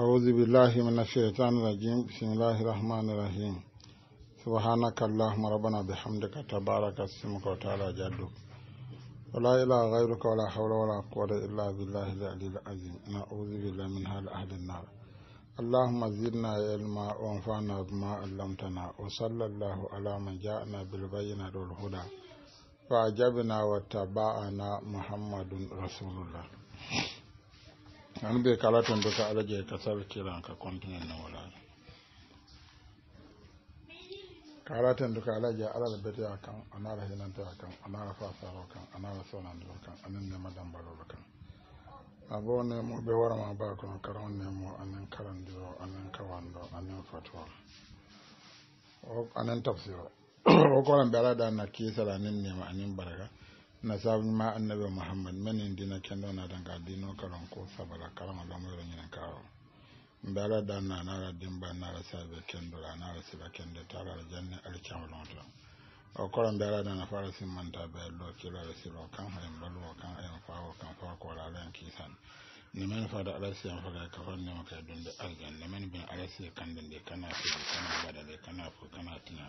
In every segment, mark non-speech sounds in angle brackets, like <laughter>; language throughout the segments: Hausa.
أعوذ بالله من الشيطان الرجيم بسم الله الرحمن الرحيم سبحانك اللهم ربنا بحمدك تبارك اسمك وتعالى جدك ولا إله غيرك ولا حول ولا قوة إلا بالله العلي العظيم نعوذ بالله من هذا أهل النار اللهم زدنا علما وانفعنا بما علمتنا وصلى الله على من جاءنا بالبينة والهدى فأجبنا واتبعنا محمد رسول الله an bai kala ton do ka ala je kasar kiran ka continue na wala kala ten do ka ala je ala la bete kan anara hinanta kan anara fasaro kan anara sonando kan anin ne madambalolo kan abo ne mo ɓe warama ba kono karon ne mo anin karandiro anin kawando anin fatuwa anin tafsiro o kolan ɓe ala ɗan na kiisala anin nema anin baraka sabon ma annabi muhammad men dina kendo na danga dino karon ko sabala karan Allah mu yin kawo mbara da na na ra dimba na ra sabe kendo ra na ra sabe kendo tara janna al chamlonto o koro dara da na fara sin manta be lo la ra lo kan hayin balwo kan ayin fawo kan fa ko la ran san ni men fa da alasi an ga ka fanne maka dunde arjan ni men bin alasi kan dunde kana fi kana de kana fu kana tina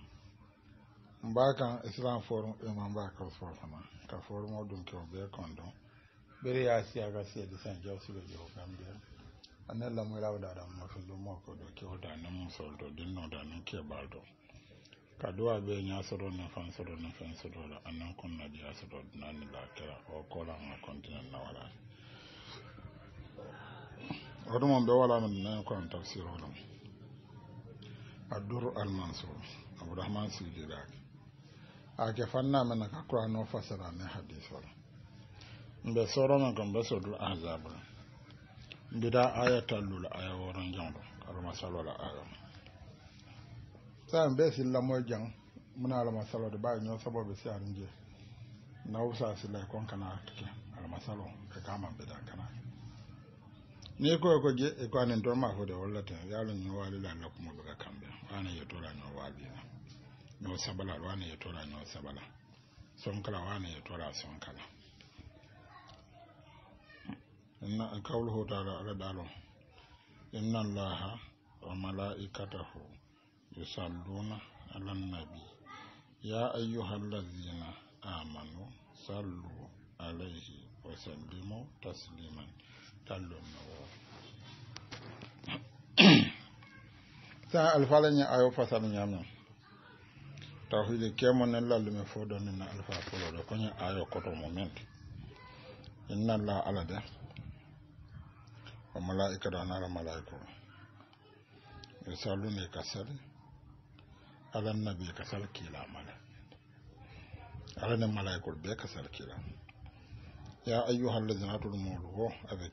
mbakan islam forum e ma mbaka fotama ka forum o ɗum keo ɓe kondon ɓeri yasiyaga si saint jawsuɓe jo gambia anella muyrawɗa o da moko ɗo do nen musol da dinnoɗa nen ba do ka duwa ɓe ñasoro ne fansoro ne fensotoɗa anan na na ni nani lakira o wala continent nawalani hoɗumon ɓe walamin nani kono tafsir oɗon addour almansour abdourahmane sidiɗaki ake fanna mena ka na fasara ne hadis mbe soro na ko so du azabu bida aya tallula aya woron jangdo kala masal wala aya sa mbe la moy jang muna la masalo de bayi ñoo be si na usa si la kon kana tike al salo ka kama bida kana ni ko ko je e ko anen to ma wala wallata yalo ñu wali la lakum be ka kambe ana to la ñu wali na ñoo sabalal wane ye tola ñoo sabala sonkala wane ye tola sonkala inna qawluhu taala ala dalo inna allaha wa malaikatahu yusalluna ala nabi ya ayuha allazina amanu sallu alayhi wa sallimu tasliman tallon nawo <clears throat> ta alfalan ya ayo fasalin yamin tawhidi kemo nen me fo ɗon na alfa fulode koñe ayo koto inna la ala de o malaikatu anara malaiku e ala nabi kasal ki la mala ala ne malaikol be kasal ki la ya ayuha alladina ho molu wo aɓe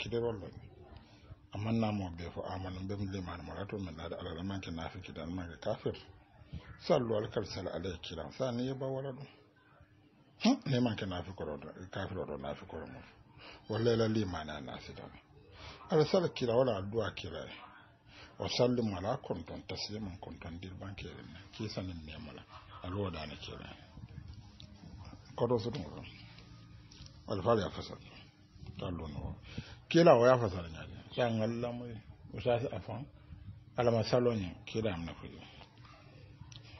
amanna mo be fo amanu ɓe da ala to min laade alalamanke man almanke kafir sallu alkar sal alay kiran sani yeɓa wala ɗum hm? nemanke nafikoro kafiroɗo mu mum walla mana na fi da ala sala kira wala addu'a kira e o kun ala konton tasliman konton dirban sanin ne kisanin nemala ala woɗani kira koɗo sotum ɗon alfal ya fasal talluno kila wa ya fasal ñaade sa ngallamoy o e. sasi afan kira saloñe kiɗam nafuyo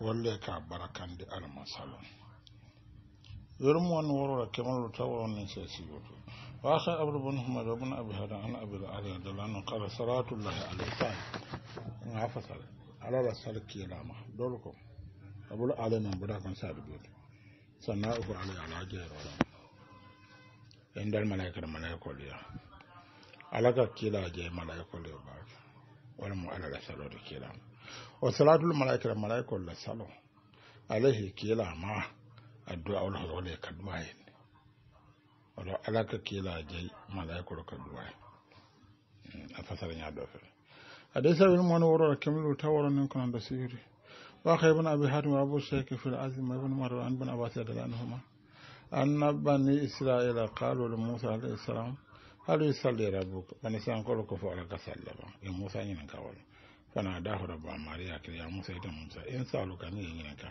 wanda ya kabara kan di almasalon mu wani wuri da kemar ta wani sai si wato wa sa abu bin muhammad ibn abi hada an abi da ala da lanu qala salatu llahi alayhi in ha fasal ala da sarki lama dolko abu ala nan buda kan sa dubo sannan uku ala ya laje rawa in dal malaikar malaikar liya alaka kila je malaikar liya ba wani mu ala da salatu kila wasalatul malaikar malaikar lasalon la salo alayhi kila ma addu'a wala kaduwa kaduma ne wadda alaka kila malaikar kaduwa kaduma hmm, a fasarin ya dafa a dai sabbin wani wuro da kimilu ta wurin nin kuna da sihiri ka yi bin abi hatim wa abu shaykh fil azim ibn an bin abbas da anhuma anna bani isra'ila qalu li musa alayhi salam har hal yusalli rabbuk bani san ko ko fa alaka sallama in musa yi nan kawai kana da hora ba mari ya kiriya musa ita musa in salu ka ni yin ka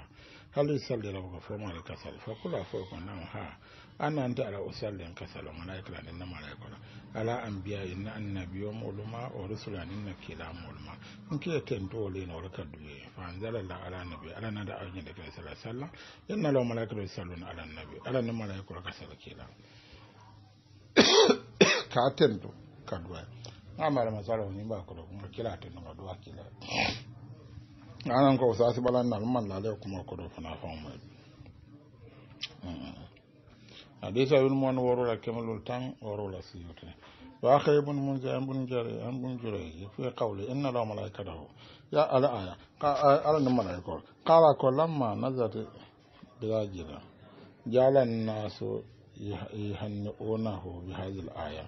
halu salli la ka foma da kasal fa kula fa ko nan ha anan ta ala usallin kasal malaika da nan malaika ala anbiya inna annabiyyu muluma wa rusulan inna kila muluma in ke ten dole na warka duye fa anzala la ala nabi ala na da ajin da kai sallallahu alaihi wasallam inna la malaika yusalluna ala nabi ala nan malaika kasal kila <coughs> ka ten do ka duwa amara masala ni ba kula kuma kila ta nuna duwa kila anan ko sa balan na man lale kuma kulo fana fa mu hadisa hmm. ibn mun woro la kemalul tan woro la siyuti wa akhay mun munzir ibn jari ibn juray fi qawli inna la malaikatahu ya ala aya ala nan malaiko qala ko lamma nazat bilajira jala an-nasu yahannunahu bi hadhihi al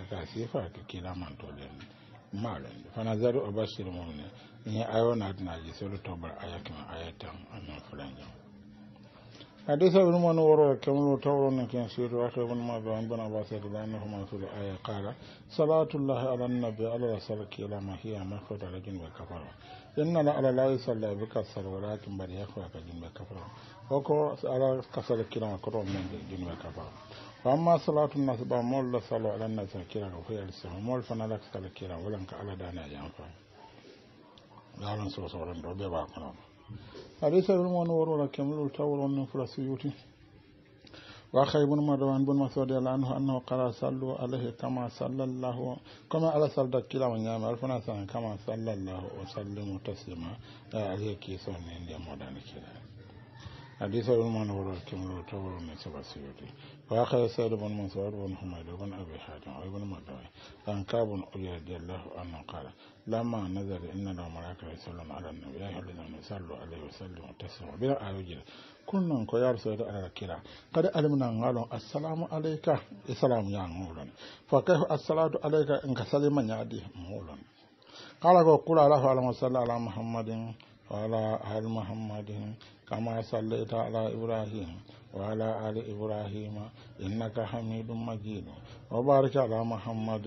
aka sifa ka kila man to den maran fana zaru abashir in ni ayo na da ji solo tobar ayakin ayatan annan fulanja hadisa ibn man waro kamru tawro ne kan siru aka ibn ma ban bana ba sai da annahu su da aya qala salatu allah ala nabi ala rasulki ila ma hiya da rajin wa kafara inna la ala lahi ka bika salawalatin bari ya yakwa ka jin wa kafara ko ko ala kasal kiran ko ron jin wa kafara amma salatu nasu ba mawar da salo ala na sa kira ga fayar sa mawar fana da ka sala kira wulan ka ala da na yi amfani yaron so sauran da bai ba kuna ba a dai sarar wani waro da kemlu ta wurin nan fura su yuti wa khaybun ala anhu annahu qala sallu alaihi kama sallallahu kama ala salda kila man alfana san kama sallallahu wa sallimu taslima alaihi ki son وآخر سعد بن منصور بن حميد بن أبي حاتم وابن مدعي عن كعب رضي الله عنه قال لما نزل إن الملائكة يصلون على النبي يا أيها الذين صلوا عليه وسلم تسليما بلا أوجه كنا نقول يا رسول الله على الكلا قد علمنا قالوا السلام عليك السلام يا مولا فكيف الصلاة عليك إنك سلم يا مولا قال قل الله صلى على محمد وعلى آل محمد كما صليت على إبراهيم وعلى آل إبراهيم إنك حميد مجيد وبارك على محمد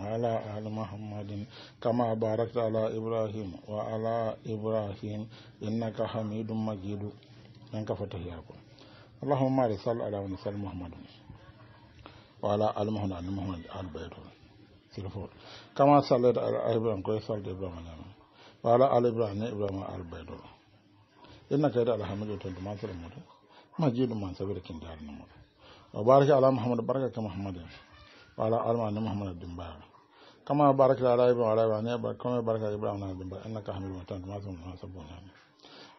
وعلى آل محمد كما باركت على إبراهيم وعلى إبراهيم إنك حميد مجيد إنك فتحياكم اللهم صل على ونسال محمد وعلى آل محمد وعلى محمد آل بيته كما صليت على إبراهيم كما صليت إبراهيم وعلى آل إبراهيم إبراهيم آل بيت إنك إلى الحمد لله تنتمى مجيد من سبيل كندار نمر وبارك على محمد بركة محمد وعلى آل محمد محمد الدنبار كما بارك على ابراهيم وعلى ابراهيم كما بارك على ابراهيم وعلى دمبار انك حميد مجيد ما ثم حسبون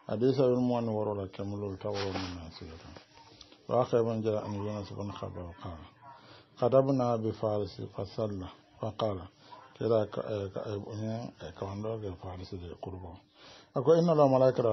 حديث المؤمن ورول كمل التورو من الناس واخر من جاء ان يونس بن خبر وقال قدبنا بفارس فصلى وقال كلا ka ayi ka wanda ga faru su da kurbo akwai inna la malaikata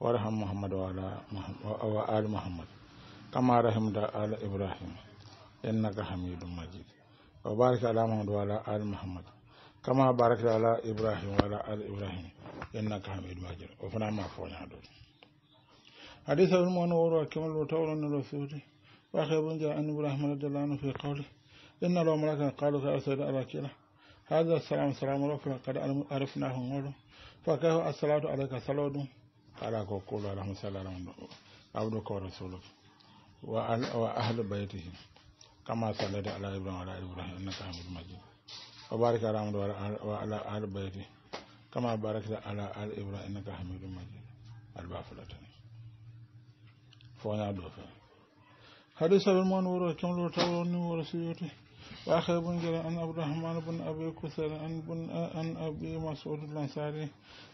warham muhammad wa ala muhammad kama rahim da ala ibrahim inna ka hamidun majid wa barik ala muhammad wa ala ala muhammad kama barik ala ibrahim wa ala ala ibrahim inna ka hamidun ma fi wani hadu hadisa wani wani wuri wa kimar lota wani na lafi wuri wa ka yi bunja an ibrahim wani da lanu fi kawai ka asa da alakila haza salamu salamu lafi wani kada arifina hun fa kai hau asalatu alaika salatu ala ko kulu alahum salaam abdu ko rasulu wa ahlu baytihi kama sallaita ala ibrahim ala ibrahim innaka hamidum majid wa barik ala amdu wa ala ahli baytihi kama barakta ala al' ibrahim innaka hamidum majid alba fulatani fo nya do fe hadu mon woro ni وآخر بن جرى أن أبو الرحمن بن أبي كثير أن بن أن أبي مسعود الأنصاري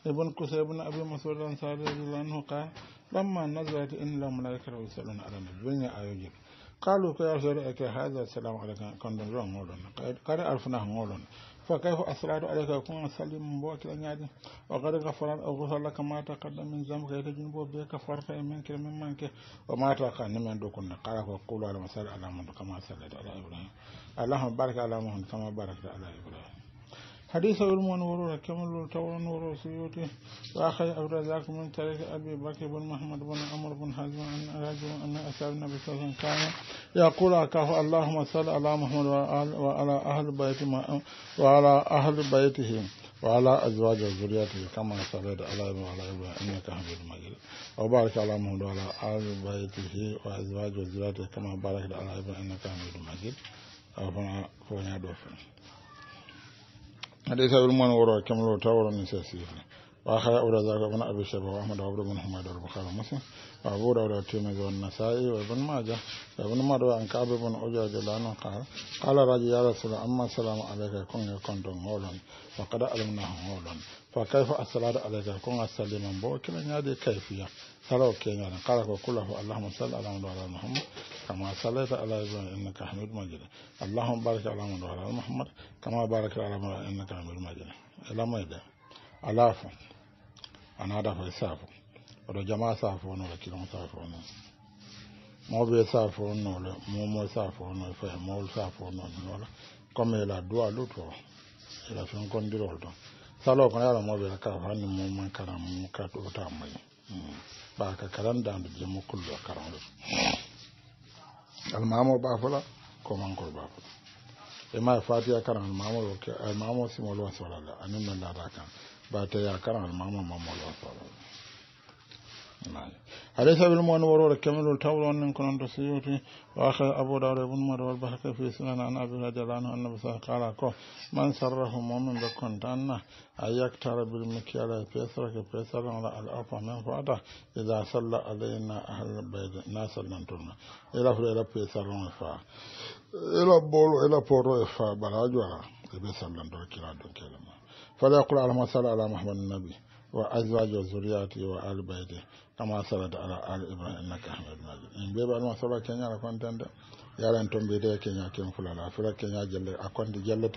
ابن كثير بن أبي مسعود الأنصاري رضي الله عنه قال لما نزلت إن لا ملائكة يسألون على الدنيا أيجب قالوا كي أرسلك هذا السلام عليك كندم رون مولون قال عرفناه مولون فكيف أسرار عليك يكون سليم بوك لنيادي وقد غفر أو غفر لك ما تقدم من ذنبك إلى جنب بك فرق منك من منك وما تقدم من دون قال وقولوا على مسألة على من كما سألت على إبراهيم اللهم بارك على محمد كما باركت على إبراهيم حديث علمان ورور كمل تورن ورورة سيوتي وآخر أبرزاك من طريق أبي بكر بن محمد بن عمر بن حزم أن رجل أن أسأل النبي صلى الله عليه وسلم يقول أكاه اللهم صل على محمد وعلى أهل بيته وعلى أهل بيته وعلى أزواج وذريته كما صليت على وعلى إبراهيم إنك حميد مجيد وبارك على محمد وعلى أهل بيته وأزواج وذريته كما باركت على إبراهيم إنك حميد مجيد afana kwenye dofa hadithi ya ulimwana wa roho kama lota wa ni sasa hivi wa khala ura zaka bin abi shaba wa ahmad abdu bin humayd al bukhari muslim wa abu dawud at tirmidhi an-nasa'i wa ibn majah ya rasul amma salamu alayka kun ya kuntum hawlan wa qad alamna fa kayfa as-salatu ala zakon as-saliman bo kilan ya de kayfiya saraw kenya nan kala ko kula fa allahumma salli ala muhammad kama sallaita ala ibrahim innaka hamidum majid allahumma barik ala muhammad kama barakta ala ibrahim innaka hamidum majid ila maida alafu anada fa safu odo jamaa safu no la kilon safu no mobe safu no la momo safu no fa mol safu no salo kono yala moɓe ka hanni mumman karan mu ka ɗota moyi hmm. ba ka karan dandu jemo kullo karan almamo bafola ko mankol bafola ema fatiya karan almamo almamo simol wasolala anin no laada kan ba teya karan almamo mamol wasolala أليس بالمؤمن ورور كمل التور أن كنت سيوتي وآخر أبو دار ابن مر والبحث في سنن عن أبي هريرة عنه أن بس قال من سره مؤمن بكون أن أيكتر بالمكيال بيسرك بيسر على الأرض من فاتا إذا صلى علينا أهل البيت ناس لنتم فر فريلا بيسر فا إلى بولو إلى بورو فا بلاجوا بيسر لنتم كلا دون كلمة فلا يقول على ما صلى على محمد النبي وأزواجه وذريته وآل بيته kama sarata ala ali ibrahim innaka hamidum majid min mbiɓe ma saba kenya ala kontende yaran toon mbiyde kenya ken fula la fula kenya jelle a konde jelle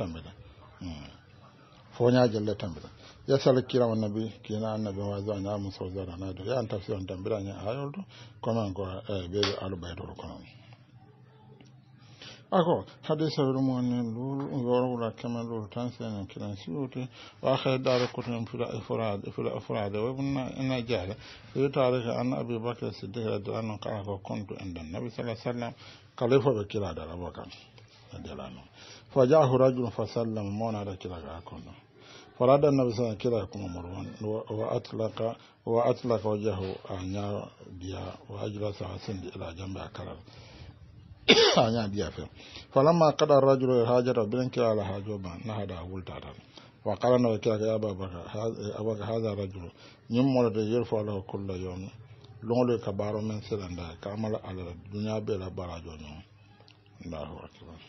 fo nya jelle tambe da ya sal kiram nabi kina annabi wasa ñamu na do ya tafsir on tambita ña ayol to kono ko ɓeɓe aluɓaytol konon ako hadisa wirmonin lorwura keme lor tan senen kilen siwuti waakay daare kotoen fila furade wabna ina jaale yo taarike an abi bakre siddik radi anhu ka kontu nabi fa النبي صلى الله عليه وسلم مروان وأطلق وأطلق وجهه وأجلس إلى جنب a ñaadiya fe falamma kada rajulu hajata bilen kira ala na hada nahada wultatan wa kalanowo kiraka ya abaka eh, hada rajulu ñim molode yerfo alahu kulla yawmi luŋolu ka baaro meŋ silanda ka amala ala dunya be la barajo ñoŋ allahu akbar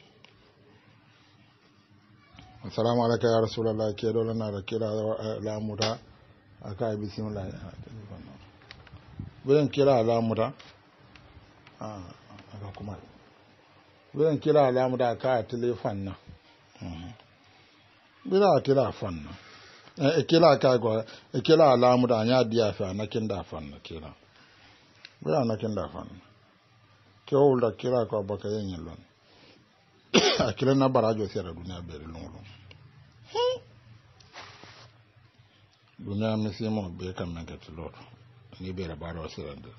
assalamu alayka ya rasulullah rasulallah keeɗo la naata kila eh, laamuta a ka ye bisimillahi bilen kila a laamuta ah, aka kuma zan kira alamu da ka tile fanna mm-hmm. bira tila fanna e eh, kila ka go e kila alamu da nya dia fa na kin da fanna kila bira na kin da fanna ke o da kila ko baka yin lon <coughs> a kila na barajo sera duniya bere lungu duniya misimo be hmm? kan men ka tiloro ni bere baro sera da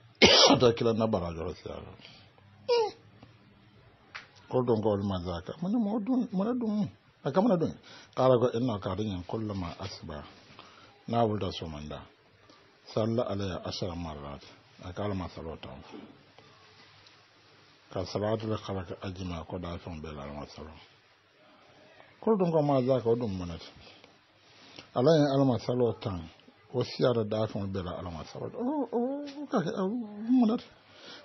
<coughs> ta kila na barajo sera kol ɗon gawol ma zaka mune mo ɗum mune ɗum aka mune ɗum kala ko inna kariñin kulluma asba nawulda somanda salla alaya marat a kara alama salo ka fo da kara ka ajima ko ɗa fen ɓe lalama salo kol ɗum ko ma zaka o ɗum munete alayin alama salo tan o siyata ɗa fen ɓe la alama salo kake munete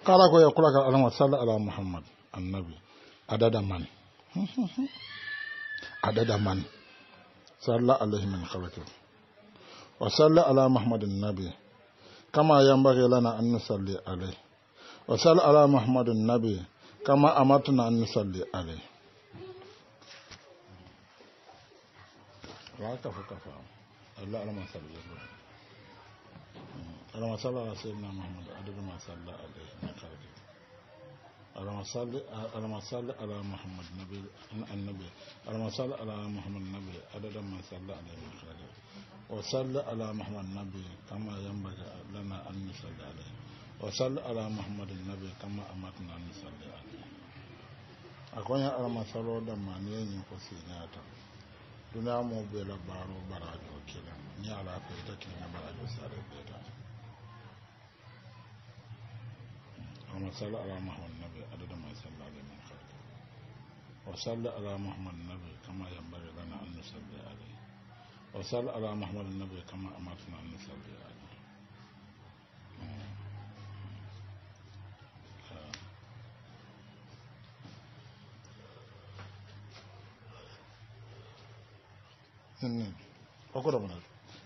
kala ko yakulaka alama salla ala muhammad annabi adada man adada man salla alaihi min khalqi wa salla ala muhammadin nabi kama yanbaghi lana an nusalli alaihi wa salla ala muhammadin nabi kama amatuna an nusalli alaihi wa kafa kafa Allah al-masalli alaihi اللهم صل على سيدنا محمد عدد ما صلى عليه ramasalli ala muhammad nabi annabi ramasalli ala muhammad nabi adadan man salli alaihi wa sallam wa salli ala muhammad nabi kama yanbaga lana an salli alaihi wa salli ala muhammad nabi kama amatna an salli alaihi akwai ya ramasalli da ne a ta duniya mu bai labaro barajo kenan ni alaƙa ita ke na barajo sare bai اللهم صل على محمد النبي عدد ما يصلى عليه من خلقه على محمد النبي كما ينبغي لنا أن نصلي عليه وصلى على محمد النبي كما أمرتنا أن نصلي عليه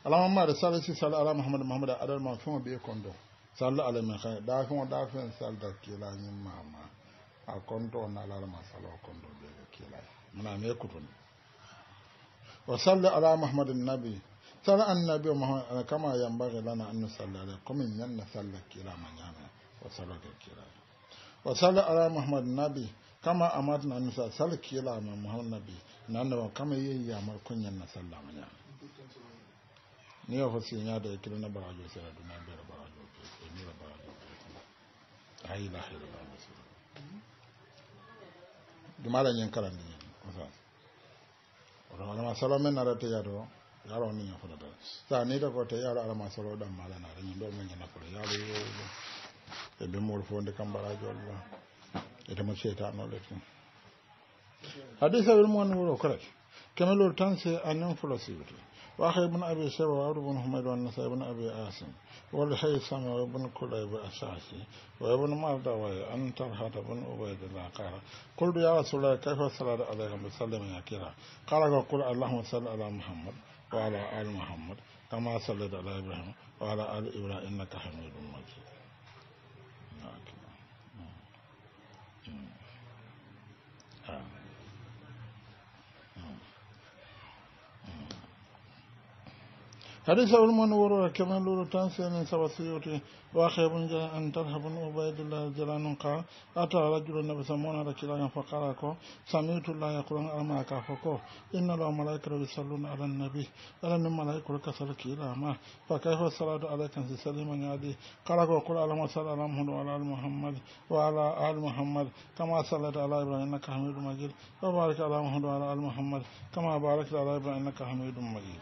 اللهم رسالة صلى على محمد محمد أدل ما فهم بيه sallu ala min khair da kuma da fen sal da kila yin mama a konto na ala masala konto be kila muna me kutun wa sallu ala muhammadin nabi sallu annabi muhammad kama ga lana an sallu ala kuma yan na sallu kila manyana wa sallu kila wa sallu ala muhammadin nabi kama na an nusalli sallu kila ma muhammadin nabi nan da kama yayi yamar yan na sallama ne ni ya fasinya da kila na barajo sai da duniya biyar la ilaha illallah dumala nyen kala ni osa oto alama salo men na rete yaro yaro ni nyen fota tara sa ni to ko te yaro alama salo dan mala na re ndo men nyana fota yaro yo e be mor fonde kambara jolla e to mo seta no le tun hadisa wel mo wuro kala kemelo tan se anen fulo sibuto وأخي بن أبي شيبة وعبد بن حميد والنسائي بن أبي عاصم والحيثم وابن كليب الشعثي وابن مردوي أن طلحة بن عبيد الله قال قلت يا رسول الله كيف الصلاة عليكم بسلم يا كلا قال وقل اللهم صل على محمد وعلى آل محمد كما صليت على إبراهيم وعلى آل إبراهيم إنك حميد مجيد آه. حديث أول من ورو كما لورو تانسين سواسيوتي وأخيب أن ترحب عبيد الله جلان قال أتى رجل النبي سمونا ركلا فقال سمعت الله يقول أما كافكو إن الله ملائكة يصلون على النبي ألا من ملائكة كسلك إلى ما فكيف الصلاة عليك أن سليما يادي قال وقل اللهم صل على محمد وعلى آل محمد وعلى آل محمد كما صليت على إبراهيم إنك حميد مجيد وبارك على محمد وعلى آل محمد كما باركت على إبراهيم إنك حميد مجيد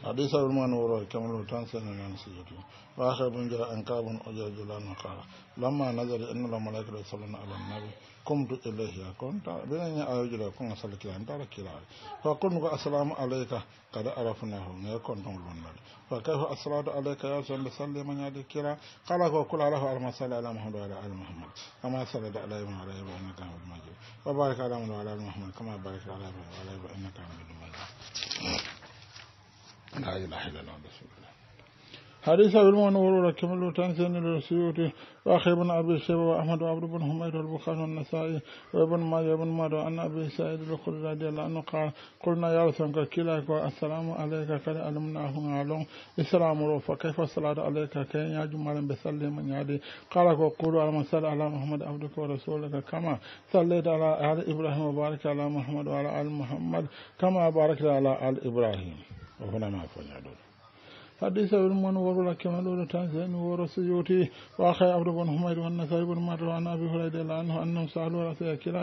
حديث المان وروي كما لو تنسن عن سيدي واخر بن جرى ان كاب اجر جلان قال لما نزل ان الملائكه يصلون على النبي قمت اليه كنت بين ايجل كن صلك انت على كلا فقلت السلام عليك قد عرفناه كنت لنا فكيف الصلاه عليك يا رسول صلى من يدك كلا قال كل على المصلى على محمد وعلى ال محمد كما صلى على ابراهيم وعلى ابراهيم انك حميد مجيد وبارك على محمد وعلى ال محمد كما باركت على ابراهيم وعلى ابراهيم انك حميد مجيد لا إله إلا الله رسول الله حديث أبي المنور وكمل تنسين للسيوطي وأخي بن أبي شيبة وأحمد وعبد بن حميد والبخاري والنسائي وابن ماجه بن مارو أن أبي سعيد الخدري رضي الله عنه قال قلنا يا رسول الله كلاك السلام عليك قد علمناه معلوم إسلام روف كيف الصلاة عليك كي يجمع جمال بسلي من يعدي قال وقولوا من صلى على محمد عبدك ورسولك كما صليت على آل إبراهيم وبارك على محمد وعلى آل محمد كما باركت على آل إبراهيم hakuna anayefanya dole hadisa ulimwan warula kemalolo tanzani woro sijoti waha abdu bn humair wannasai bn mar an abi huraidala anhu annahu saalu rasula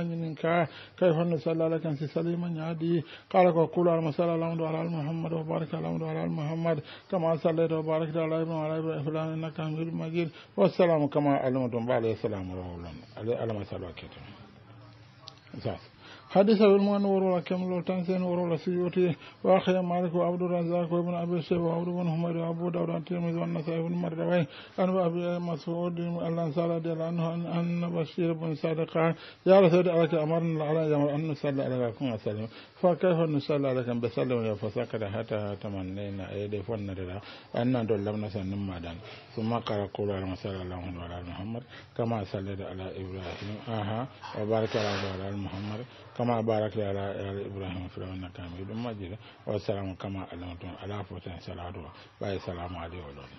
حدث المؤن وروى كم لو تنسين ورولا سيوتي وأخي مالك وعبد الرزاق وابن أبي سيف وعبد بن حمير وأبو داود الترمذي والنسائي بن مردوي عن أبي مسعود الأنصار رضي الله عنه أن بشير بن سعد قال يا رسول الله أمرنا على أن نصلي على عليك وسلم فكيف نصلي عليك ان بسلم يا فسكر حتى تمنينا أيدي فنرى أن ندل لنا دلمنا سنمادا ثم قال قول اللهم صل على محمد وعلى محمد كما صليت على إبراهيم آها وبارك على محمد كما بارك على آل إبراهيم في العالمين إنك حميد مجيد والسلام كما علمتم على فتن صلاة باي سلام عليه ولون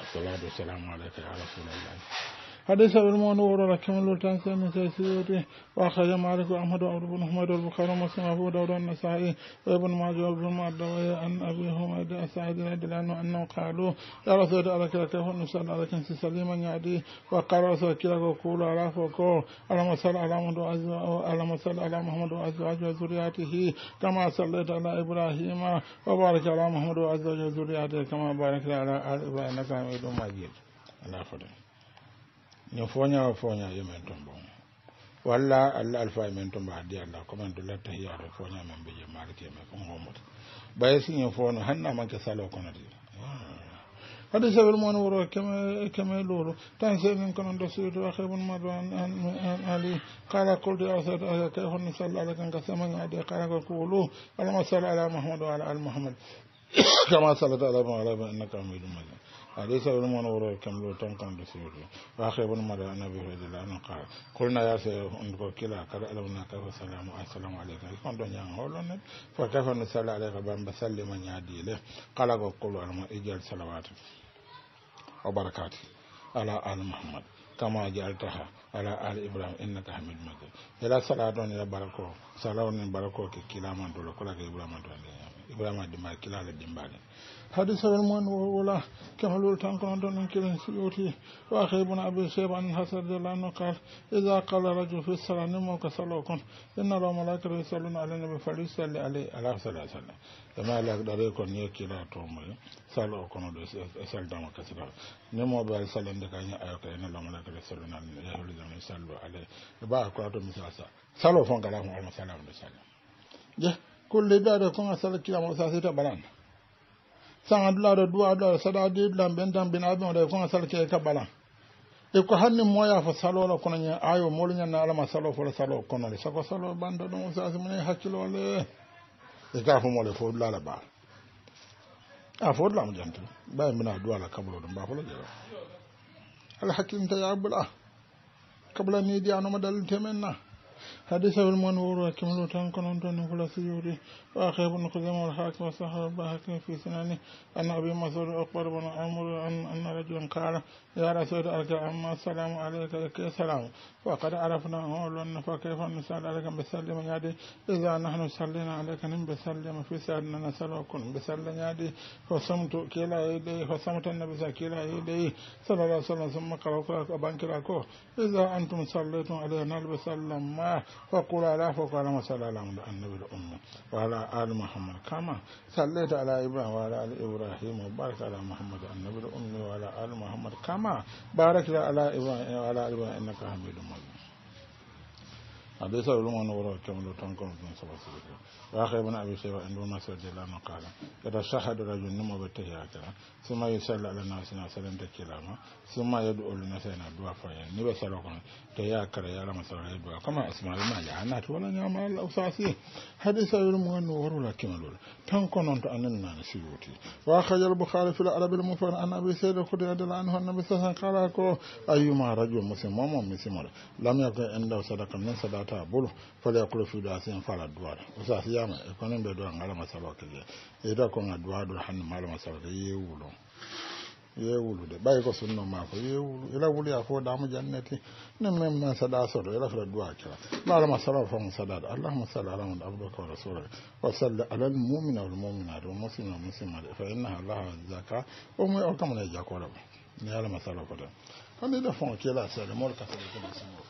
الصلاة والسلام عليك يا رسول الله حديث أبي المنور ولكم تنسى من سيسيري واخذ مالك وأحمد وعبد بن حميد والبخاري ومسلم ابو داود النسائي وابن ماجه وابن المعدوي عن أبي حميد السعيد رضي عنه أنه قالوا يا رسول الله كلك هو نسأل عليك سليما يعدي وقال رسول كلك قول على فوقه على مسال على محمد على مسال على محمد وأزواجه وذرياته كما صليت على إبراهيم وبارك على محمد وأزواجه وذرياته كما بارك على آل إبراهيم إنك حميد مجيد. الله ñin foñawo foña yo men tumbo walla allah alfa e men tumba addi allah komin do latta hiyato foña men mbeje maliki men kon homoto salo هذا سبب المنور كما كما يلول تنسى من كان رسول أخي بن مروان عن علي قال قلت أسد أسد كيف نصلى عليك أنك سمن عدي قال قولوا اللهم صل على محمد وعلى آل محمد كما صليت على محمد إنك حميد مجيد أليس لهم أن وراء كم لو تم كان بسيط وآخر بن مدى أنا بهذا الآن قال قلنا يا سيدنا كلا قال ألونا كيف السلام السلام عليكم كون دون يان هولون فكيف نصلي عليك بان بسلم من يهدي له قال قل ألم إجل صلوات وبركاته على آل محمد كما جعلتها على آل إبراهيم إنك حميد مجيد إلى صلاة إلى بركة صلاة بركة كلا من دولة كلا إبراهيم دولة vraiment dimbaɗe kilala dimbaɗe hade sawel mumen wola keholol tan kono ɗon ɗon kilen yowti wa heybuna abi cheiba an hasardiallah no kal ida qala radio fi sala nimo ko salo kon ala nabi fali salli ala kila sal ala yahlidana ba ko sa fon salam de je yeah. Kulli da da kun asal kila mo sa sita balan san adula da duwa da sada di ben dan bin abin da kun asal ke ka balan e ko hanni moya fa salo la kun nya ayo molu nya na ala ma salo fo salo kono le sako salo bando don sa mun hakkilo le e ka ah, fo mo le fo la la ba a fo la mo jantu ba mi na duwa la kablo don ba fo la jero al hakim ta ya abula kabla ni di anuma dal temenna حديث المنور وكمل تنقل عن فلسيوري وأخي بن خزيمة والحاكم والصحابة الباهقي في سننه أن أبي مسعود أكبر بن عمر أن رجلا قال يا رسول الله أما السلام عليك كي سلام وقد عرفنا أولن فكيف نسأل عليك بسلم يدي إذا نحن سلينا عليك نم بسلم في سألنا نسال وكن بسلم يدي فصمت كلا يدي فصمت النبي كلا يدي صلى الله عليه وسلم ثم قرأت أبان كلا إذا أنتم صليتم علينا نلبس ما وقل على فوق على مسألة على النبي الأمة وعلى آل محمد كما صليت على إبراهيم وعلى آل إبراهيم وبارك على محمد النبي الأمة وعلى آل محمد كما بارك على إبراهيم وعلى آل إبراهيم إنك حميد مجيد حديث علوم ونورا كما لو تنكم من سبع سبع واخي ابن ابي شيبه عند ما سجل لنا قال اذا شهد رجل نمو بتهيا كلا ثم يصلي على الناس ناس لم تكلام ثم يدعو الناس الى دعاء فين نبي سلوكن تيا كرا يا لما سلوى دعاء كما اسمع ما جعنات ولا نعم الاوساسي حديث علوم ونورا كما لو تنكم انت اننا نسيوتي واخي البخاري في العرب المفرد عن ابي سيد الخدري رضي الله عنه النبي صلى الله عليه وسلم قال ايما رجل مسلم مسلم لم يكن عنده صدقه من صدقه ta bolo fala ko kulo da sen fara duwa o sa y'a ma e konen be do an ala masalo ke e da ko duwa do han mala masalo ke ye wulo ye wulu de ɓayi ko sunno mako ye wulu ila wuli ya fo damu jannati nen men man saɗa soɗo ila fota duwa kira maalama sala fon saɗaɗo allahuma salli ala mad abdaka wa rasulak wa salli ala al mumina wal muminat wa muslima wa muslimat fa innaha laha zaka o mu o kamana e jakoɗo ne ko sala fota hande ɗo fon kela seeɗa moɗo kasade kono simo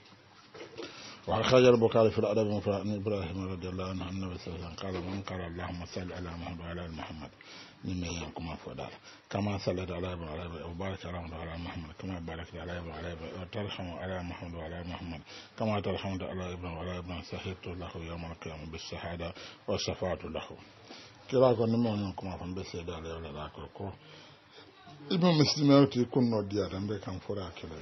خرج البخاري في الأدب عن إبراهيم رضي الله عنه النبي صلى الله عليه وسلم قال من قال اللهم صل على محمد وعلى آل محمد إني ينكم عفو كما صليت على ابن علي وبارك على محمد وعلى محمد كما باركت على ابن علي وترحم على محمد وعلى محمد كما ترحم على ابن وعلى ابن سهدت له يوم القيامة بالشهادة والشفاعة له كلاكم نمون ينكم عفو بسيدة على ولا ذاكركم ابن مسلم يكون نوديا تنبي كان فراك له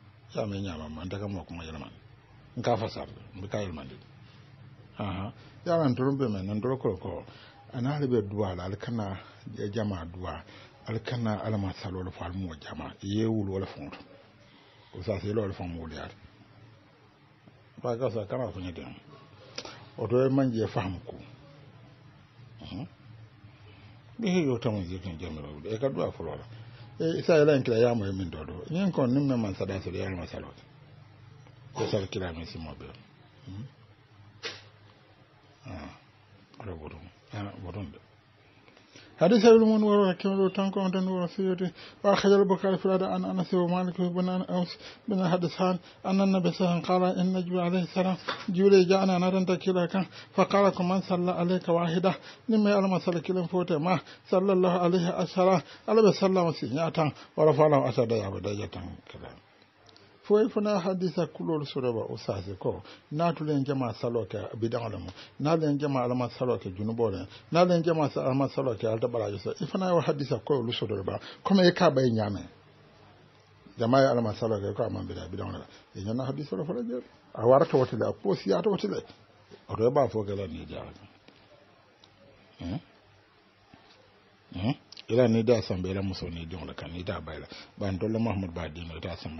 same ñamamma ntaka mo kuma yelman nka fasarde mbika yelmandi aha ya ran toron ɓe men nan toro koro ko ana ala duwa la ala kana jama duwa ala kana alama salo wala fo alamo jama ye wulu wala fonto ko sa selo wala fon wulyade ba ka sa kama kana fo ñeden oto e manje faham ku ɓe heyo tamo jekin jamirawu e ka duwa folola Eh, isa yi kila ya mu min dodo yin kon mai men man sada su da yar masalot ya sa kira mai simo be a hmm? ara bodon ah bodon حديث المؤمن كم لو تنكم عند وصيته واخذ البخاري في هذا عن انس ومالك بن انس بن الحدثان ان النبي صلى الله عليه وسلم قال ان جبريل عليه السلام جبريل جاءنا نرن كلاك فقال من صلى عليك واحده لما علم سلك لم فوت ما صلى الله عليه السلام على بسلام سيناتا ورفع له اسد يا بدايه كلام foye fana hadisa kulol soroba o sase ko natulen jama saloke bidaŋole mu nalen jama alama saloke junubole nalen jama alama saloke alta so soroba jama alama saloke ko aman a warata wotile a kuwo siyata ba fo ni hmm? Hmm? ila ni da san muso ni jonga kan ni da ban mahmud ba dino ta san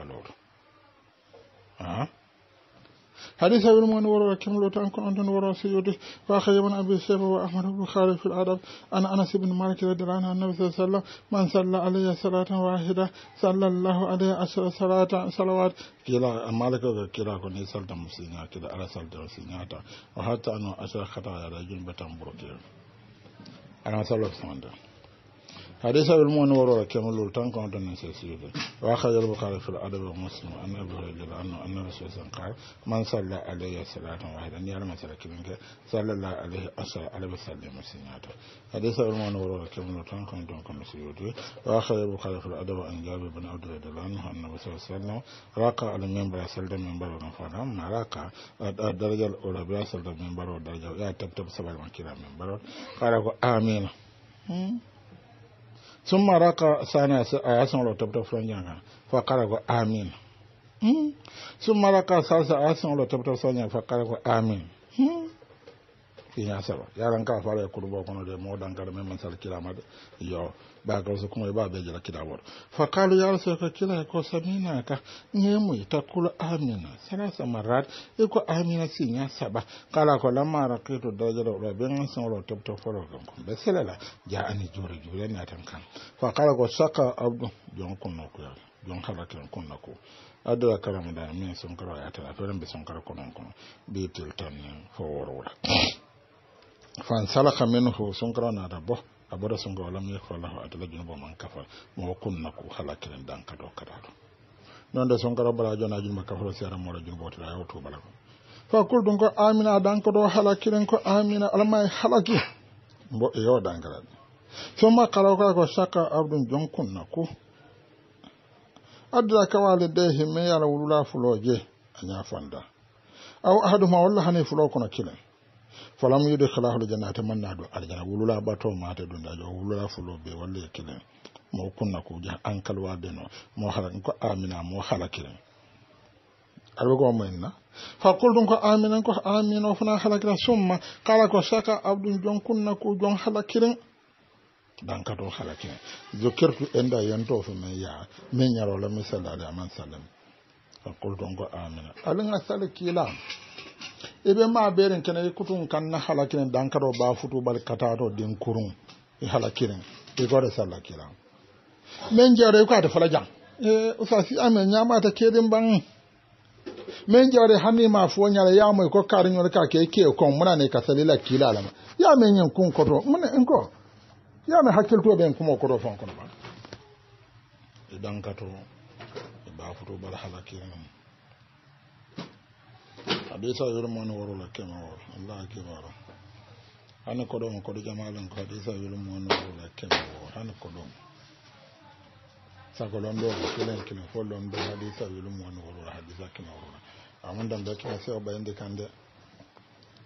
حديث ابن المؤمن وروى كم لو تأمكن انت وروى سيوده وأخي من أبي سيف وأحمد بن خالد في العرب انا أنس بن مالك رضي الله عنه النبي صلى الله عليه وسلم من صلى علي صلاة واحدة صلى الله عليه عشر صلاة صلوات كلا مالك كلا كن يسال سينا كلا على سال سينا وحتى أنه عشر خطايا رجل بتنبرك أنا صلى الله عليه وسلم حديث أبي المؤمن وروى كما لو تنكم عندنا سيسيرة وأخرج البخاري في الأدب المسلم أن أبي هريرة أنه أن الرسول صلى الله عليه وسلم قال من صلى علي صلاة واحدة يعلم سلكنك صلى الله عليه أسرى على بسلم سنياته حديث أبي المؤمن وروى كما لو تنكم عندنا سيسيرة وأخرج البخاري في الأدب أن جابر بن عبد الله عنه أن الرسول صلى الله عليه وسلم راقى على المنبر سلم المنبر ما راقى الدرجة الأولى بيصل المنبر والدرجة يا تبتب سبع من كلا منبر قال آمين summa raka sani a ya san rota ta furan janga fa amin summa raka salsa a ya san rota ta furan janga amin in ya saba yaran ka fara ya kurba kono de mo dan garme man sal kilamade yo bagalza kumoyo babejela kilawolo fakalu yaloseka kila ko saminaka nyemu itakula amina salasa marat iko amina sinya saba kala ko lamara kito daraja lo rabenga solo top folo kan beselela ja ani jore jure ni atankan fakala ko saka abdu jon kunno ko jon kala kan kunno ko adala karam da min sun karo ya tara fere be sun karo konon kono bi tiltan fo worwala fan salaka minhu sun karo na da bo abada sunga walam ye falahu atala junuba man kafa mo kunnaku halakilen dankato kataro nonde sunkaro bala jona junuba kafaro siara mora junuba tira yaw tubala ko fa kul dun ko amina dankato halakilen ko amina alamay halaki mbo yo dankara somma kalaw ka ko shaka abdun jon kunnaku adda kawale de himme yara wulula fuloje anya fanda aw ahaduma wallahi ne fulo kono kilen falam yude halahul jannata manna ɗo aljana wulula ɓato mate dundajo wulula fulo be walle kilen mo kunna kuja ankal wadeno mo hala ko amina mo hala kilen aɗa ko mumenna fa qulɗum ko amina ko amina o na? hala kilen summa kala ko saka abdun jon kunna ku jon hala kilen kato hala kilen tu enda yanto fo min ya? min yaro mi sallade aman sallam fa qulɗum ko amina alin a sali ibe ma berin kene kutun kan na halakirin dan karo ba futu bal to din kurun i e halakirin i e gore salakira men jare ko ta falaja e, e usasi amen nyama ta kedin ban men jare hanni ma fo nyare ya mai ko karin yor ka ke ke ko muna ne ka salila kila alama ya men yin kun koto mun en ko ya men hakil to ben kuma koto fon kono ba idan to ba futu bal halakirin hadisa yurmani warula kemawol allah kibara hani ko ɗum koɗo jamalen ko hadisa yurmani warula kemawol hani ko ɗum sago londo ko kilen kine fo londo hadisa yurmani warula hadisa kemawol amon dambe kina sewo ɓayinde kande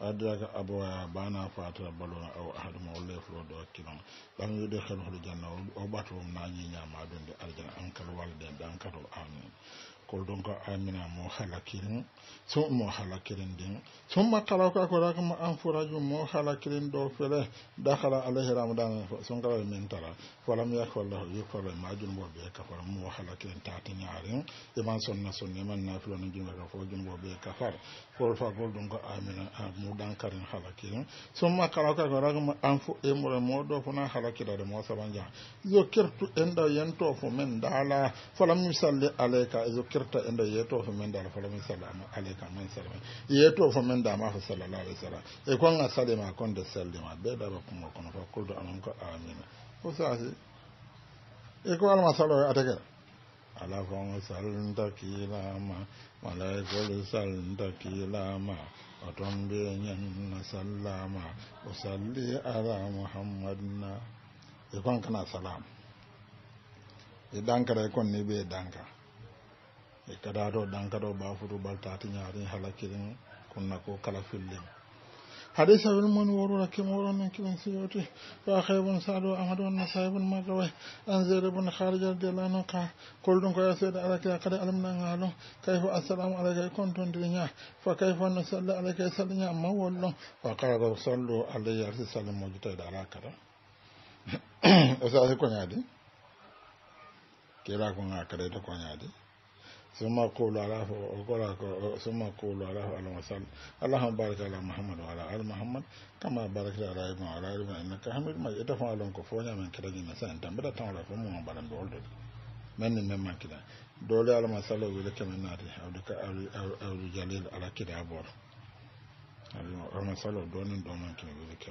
adraka abawa bana fata balona aw ahaduma walla e fulo ɗo hakkilon ɓam wiɗo hen hoɗo janna o ɓato nañi ñamaɗumde aljana ankal walde dankato amin kol ɗon ko amina mo halakirin sum mo halakirin ndin summa kala ko akoraka mo enfuraju mo halakirin ɗo fele dakala alayhi ramadana sonkala min tara falam yakollah yukfala majum bo ɓe kafar mo yarin tatiñarin iman sonna sonna iman nafilo no junga ka fo jungo ɓe kafar kol fa gol ɗum go amina a muɗan karin halakino summa kala ka ga ragu an fu e mure moɗo halaki da mo saba jaha kirtu enda yento fu men dala fala mi salli alayka zokkirta enda yeto fu men dala fala mi misalle alayka men salama yeto fu men dama fa sallallahu alaihi wasallam e kon a ma be da ba ɗaɓa mo kono fa kuldo anon ko amina fo sasi e ko alma salo atagera ala kon salda kilama malaikol salda kilama oton be ñanna sallama o salli ala muhammadna e kon kana salam e dankara e danka e kada ɗo kunna ko kala hadisa bin mun woro la kimo woro na kimo si yote wa khaybun sadu amadu wa nasaybun magawe anzir ka kuldun ko yasid ala ka kada alam na ngalo kayfa da ala kada o sa ko nyaadi ke ثم قولوا له ثم قولوا له على وسلم اللهم بارك على محمد وعلى ال محمد كما باركت على ابن وعلى ال انك حميد ما يدفع لهم كفونا من كرجي مسان تمبر تمر فمو بارن دول من من ما كده دول على ما صلى ولك من نار او دك او جليل على كده ابو رمى صلى دون دون كده ولك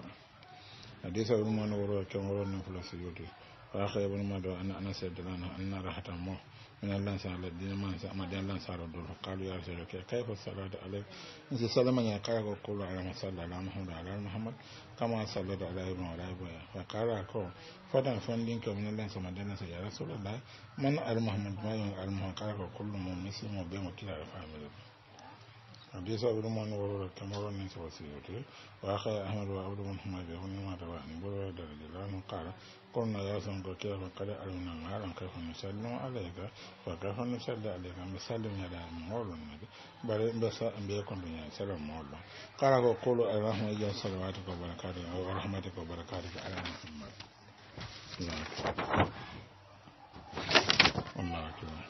حديث ابن منور كان ورن فلسيوتي واخي ابن مدو ان انا سيدنا ان رحت الله من الله الأنصار الذين ما دين الله الأنصار دول قالوا يا رسول الله كيف الصلاة عليك إن سلم يقال قول على ما صلى على محمد على محمد كما صلى على ابن وعلى ابن فقال أكو فدا فندين فندينك من الأنصار مدين الأنصار يا رسول الله من على محمد ما يوم محمد قال كل مؤمن مبين وكلا فاهمين أبي عبد المؤمن ورور الكمرون من سوى سيوته وأخي أحمد وأبو محمد ما ما تبعني برور درجة قال kono yaasan ko kefa kada aluna ngaran kefa mi sallu alayka fa kefa mi sallu alayka mi sallu mi yada mi ngolun nadi bare mbe sa mbe ko mbe nyan sallu mi ngolun kala ko kolo alahum ajya salawati ko barakati ko rahmati ko barakati ko ala muhammad Allah akbar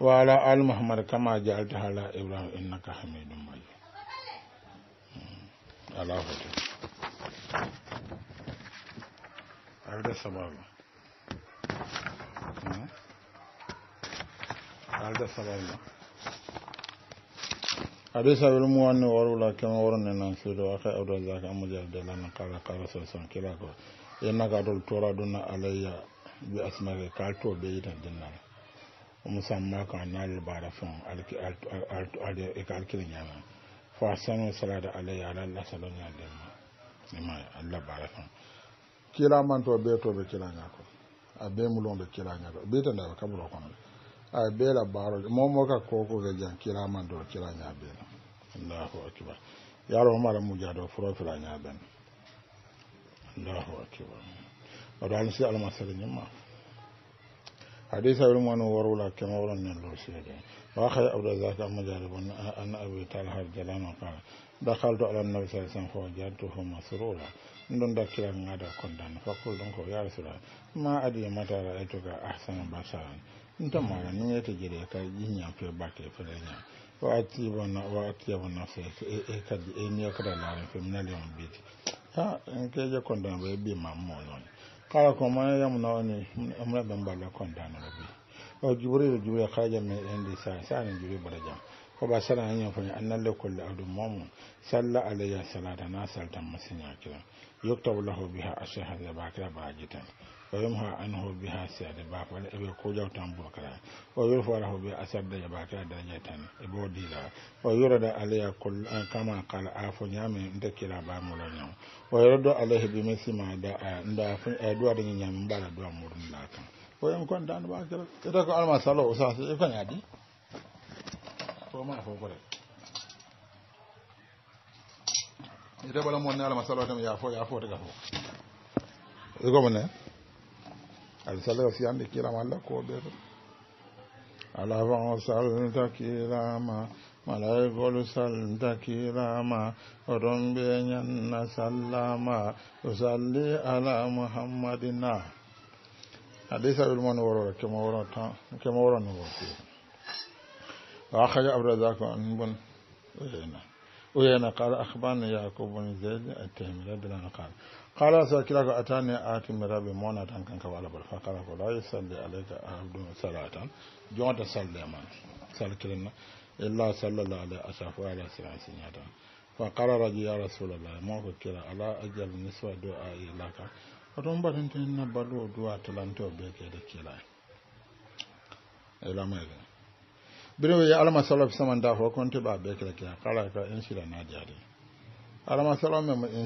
wa ala al muhammad kama ja'alta ala ibrahim innaka hamidum majid hmm. Allahu akbar alda sababa alda sababa hadis abel muwanni warula kema ne nan suudo aka abdourazak amodial de lana kala kala soson kila ko yennaka tol tora ɗuna alayya bi asmake kalto ɓe yitan dinnala musamma ka nal bara fon alki alki alkil nyama fa sanu salada alayya ala allah salon nyadema ima allah bara fon manto be toɓe kilañako a be mulonɗo kilañaɗo bitendaɓe kaɓuro kono a baro mo mo ka ga jan kilamanto kilaña bena allahu akibar yaro homara mujaɗo furofira ñaɓen allahu ke ma alisi almasere lo حديث ga wa khay كما ورنا اللوسيد واخي عبد الرزاق مجارب ان ابي dakhaltu ala an-nabi sallallahu alaihi wasallam fa ja'tuhu masrura da dakkira ngada kondan fakkol don ko ya sura ma adi matara ga ahsan basaran ɗum hmm. ma ran ne yete jeeɗe ka yiñam fe wa ati bona wa ati bona fe e, e di e niya kada laren fe le on biti ha keje kondan e bi ma mo noon kala ko ma yamna ban ba ɓe mballa kondanoro bi o jibril jibril me en di sa sani jibril ja ko ba sala ni fani annalle kullu adu momum salla alayya salata na saltan kiran yuktab lahu biha ashahan da bakira bajitan wa yumha anhu biha siyade ba fa ibe ko jawtan wa yurfa lahu bi asad da bakira darajatan ibo dila wa yurada kull kama qala afu nyame ndekira ba mulanyo wa yurada alayhi bi da nda nyame mbara do amurun wa yum kon ite bala mon ala masalo tam ya fo ya fo daga fo ko mona al sala si ande kila a ko be ala wa sal ta kila ma malay golu sal ta kila ma odon be nyan na sallama usalli ala muhammadina hadisa bil mon woro ke mo woro tan ke mo woro no ko wa khaja an bun na وين قال أخبرني يعقوب بن زيد التهمي بلا نقال قال سأكلك أتاني آتي من ربي مونا تنكن كوالا فقال لا يصلي عليك عبد صلاة جون تصلي من صلى كلنا إلا صلى الله عليه أشرف وعلى سنة سنة فقال رجل يا رسول الله ما كلا ألا أجل نسوة دعاء لك فتنبا تنتهي نبالو دعاء تلانتو بيكي لكي لا إلا ما يغني bire ye alamasalo samanta fo konte ɓa bai kila kila kala ka na insida mai alamasalo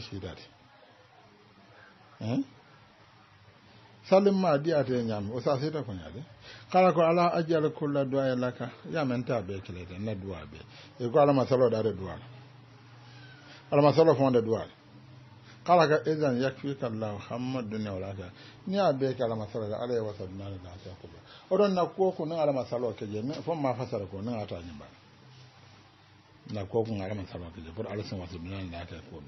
shida ne salim ma di yin yami wasu sasita kun yari kala ko ala ajiyar kula duwa ya laka yamenta be kilede na duwa be e ko duwa alama salo alamasalo wanda duwa kala ka idan yakfika llahu hamma dunia walaka ni a bai ke masarar da ala da wasadunane latiyakuba oɗon nakkoku nan ala masalo keje fon ma fasar ko nan ata nyi ba na koku nan ala masalo keje wasu da ta ko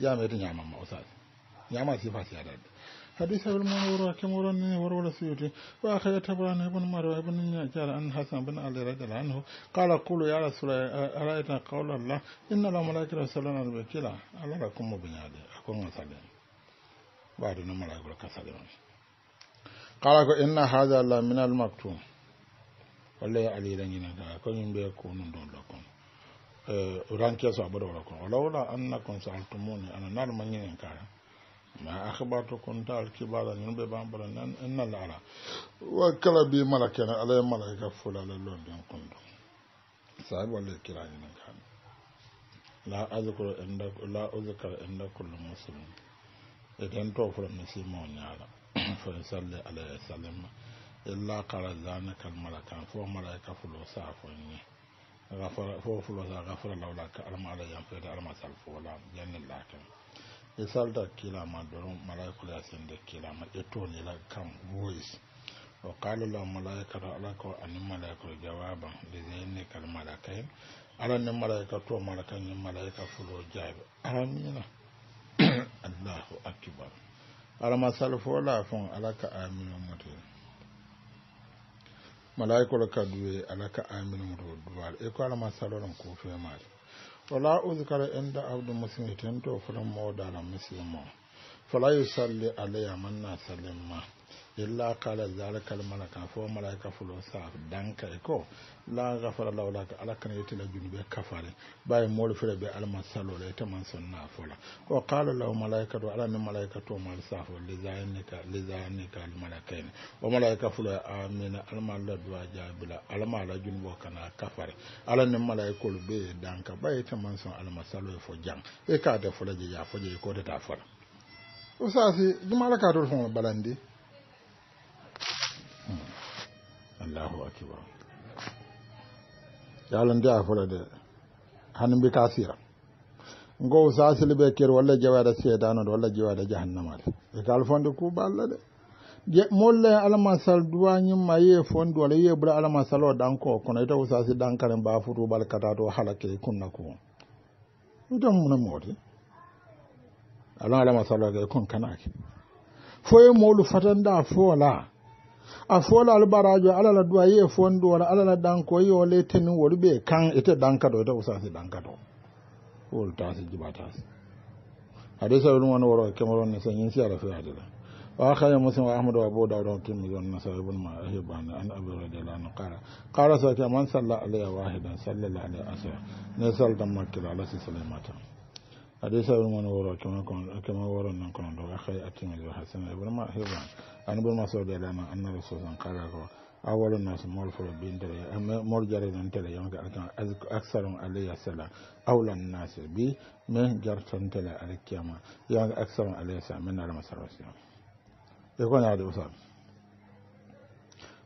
ya me tin yama ma si fasi hadisa ke woro ne a wala suyuti wa akhaja tabran ibn marwa ibn nyaqal an hasan bin ali radhiyallahu anhu qala ya rasu ala ita qawla allah inna la malaika rasulana al bakila ala rakum bin ali ba قالك إن هذا لا من المكتوم ولا علي لنجنا كن بيكون دون لكم أوران أه، كيسا بدو لكم ولولا أنكم سألتموني أنا نار من ينين كارا ما أخبرتكم تال كبارا ينبى بامبرا إن الله على وكلا بي ملكنا علي ملكة فولا للون دون كندو سأب ولي كلا ينين كارا لا أذكر عندك لا أذكر عندك كل مسلم إذن توفر مسلمون يا الله فيصلي عليه سلم إلا قرأ ذلك الملكان فهو ملائكة فلوسا fo غفر sa فلوسا غفر له ka ألم fo la la ka e da ma malaka la kam voice qala ala ko an ko jawaba de kal malakai ala ne malaka to malaka ni malaka fulo jabe amina <coughs> allahu akbar har fo lafin alaka aminu mutu malaikul kadwe alaka aminu mutu duwa e ko alamasalolan ko fe mari wala uzkara inda abdu muslim tinto fulan mo dala muslimo fala yusalli alayya man na illa kala zalikal malaka fo malaika fulo sa dankay ko la gafara law laka alaka kana yitila junube kafare bay mol fere be alma salo le man sonna fola ko qala law malaika do ala malaika to mal safo li zainika li zainika al malakain o malaika fulo amina alma la duwa jabila alma la junbo kana kafare ala ni malaika be danka bay taman son alma salo fo jang e ka de fola je ya fo je ko de ta fola o jumala ka do fo balandi allahu akibar yalon da fura da hannun bi kasira ngo sasili be da walla jawaɗa seedanoɗo walla jahannama jahannamade e da ku ba allah de je molle alamasal duwañimma fon fondu walla ye ɓura alamasal o ɗanko kuna ita ko ba ɗankaren bafutubal katato halake kunna ku itan muna mooti alon ga kun kana kanake foye molu da fola. a fola albarajo alala duwa ye fondo wala alala dan danko yo le teni wolu be kan ite danka do ite usasi danka do wol tasi jiba si hade sa dum wono woro moron ne yin yinsi ala fe hade la wa khaya muslim wa ahmad wa abu dawud wa tirmidhi na sa ibn ma ahiban an abu radhiyallahu anhu qala qala sa ta man salla alayhi wahidan sallallahu alayhi asa ne sal dam makil ala si salamata hade sa dum wono woro ke moron nan kono do wa khaya atimil wa hasan ibn ma ahiban an bo maso da ma an na rasul san kala ko wala awal nas mol fo bin dere am eh, mol jare nan tele yang da akan aksarun alayhi la na su bi men jartan tele alkiyama yang aksarun alayhi salam min al masarasi e ko na da usam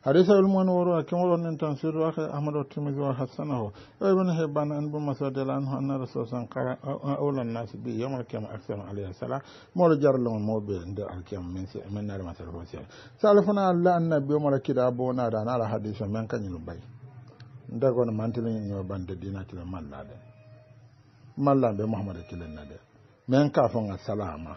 hadisa yul mon woro ak mo won nentan sir wax ahmad ot mi wax sana ho yoy ben he ban an bu maso de lan han ra so san qara awla nas bi yom al kiyam ak sama alayhi salam jar lo mo be de salafuna kida na da na la hadisa men kan lu bay ndago na mantel ni ñoo bande dina ti man la de man na salama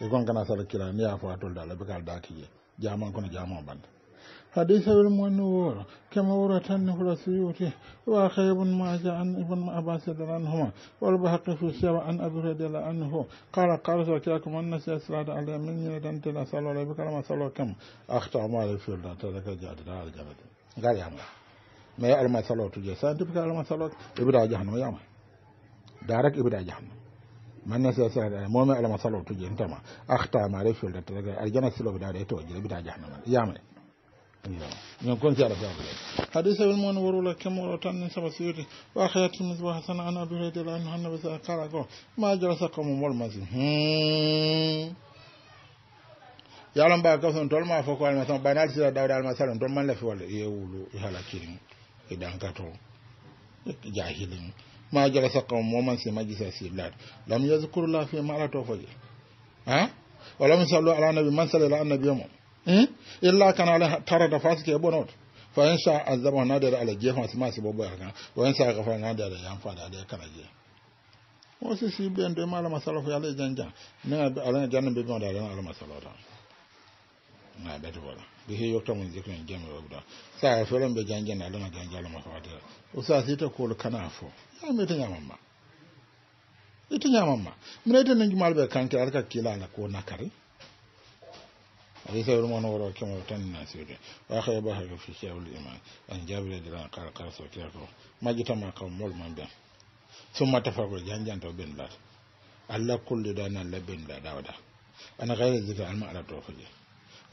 e kon kana sala kila ni afa to da ti jaman kono jaman ban hadisa wel mo no woro ke mo woro ja an ibn ma sala kam da ta daga ja da al jabat ga ya ma me al ma sala tu manne sesere momi alama salo to jentama ahtamare felde tere arjana siloɓe dawde e to jire bita jahnama yamre ñon kon siaɗa fewre hadisa wel moon worula kemmoɗo tan nin saba siwti wa hayati misba hasana an abi hurayra anhu hannabi sa kala ko ma jara sakko mo mol masi yalon mbawa kawson tol ma fof ko alma sama bayna alsira dawde alma salon tol man lefi walla yewulu e hala kirin e ɗankato jahilin ma jalasa qawm moman sima jisa sillat lam yazkuru la fi ma'rato faji ha wala min sallu ala nabi man sallala ala nabi mo hmm? illa kana ala da fasike bonot fa in sa azaba na da ala jefa sima sibo boya kan wa in sa gafa na da yan fada da kana je wasu shi biyan da malama salafu ya lai janja ne ala jannan bi da ala masalata na bɛti wala bihi yo tɔŋ zik na jɛm yɔ buda saa fɛrɛ bɛ jɛn jɛn na ale ma jɛn jɛn ma fɔ tɛ o saa si tɛ kolo kana fɔ ya mi tɛ ɲama ma i tɛ ɲama ma mine tɛ ne jumal bɛ kan kɛ ale ka kila la ko na kari alisa rumano woro kemo tan na sirde wa khay ba hayo fi shawul iman an jabire dira kar kar so tiya Maji ta ma kam mol man ben summa tafagol janjanto ben lat alla kulli dana la ben da dawda ana ghayra zika al ma'ra to fuje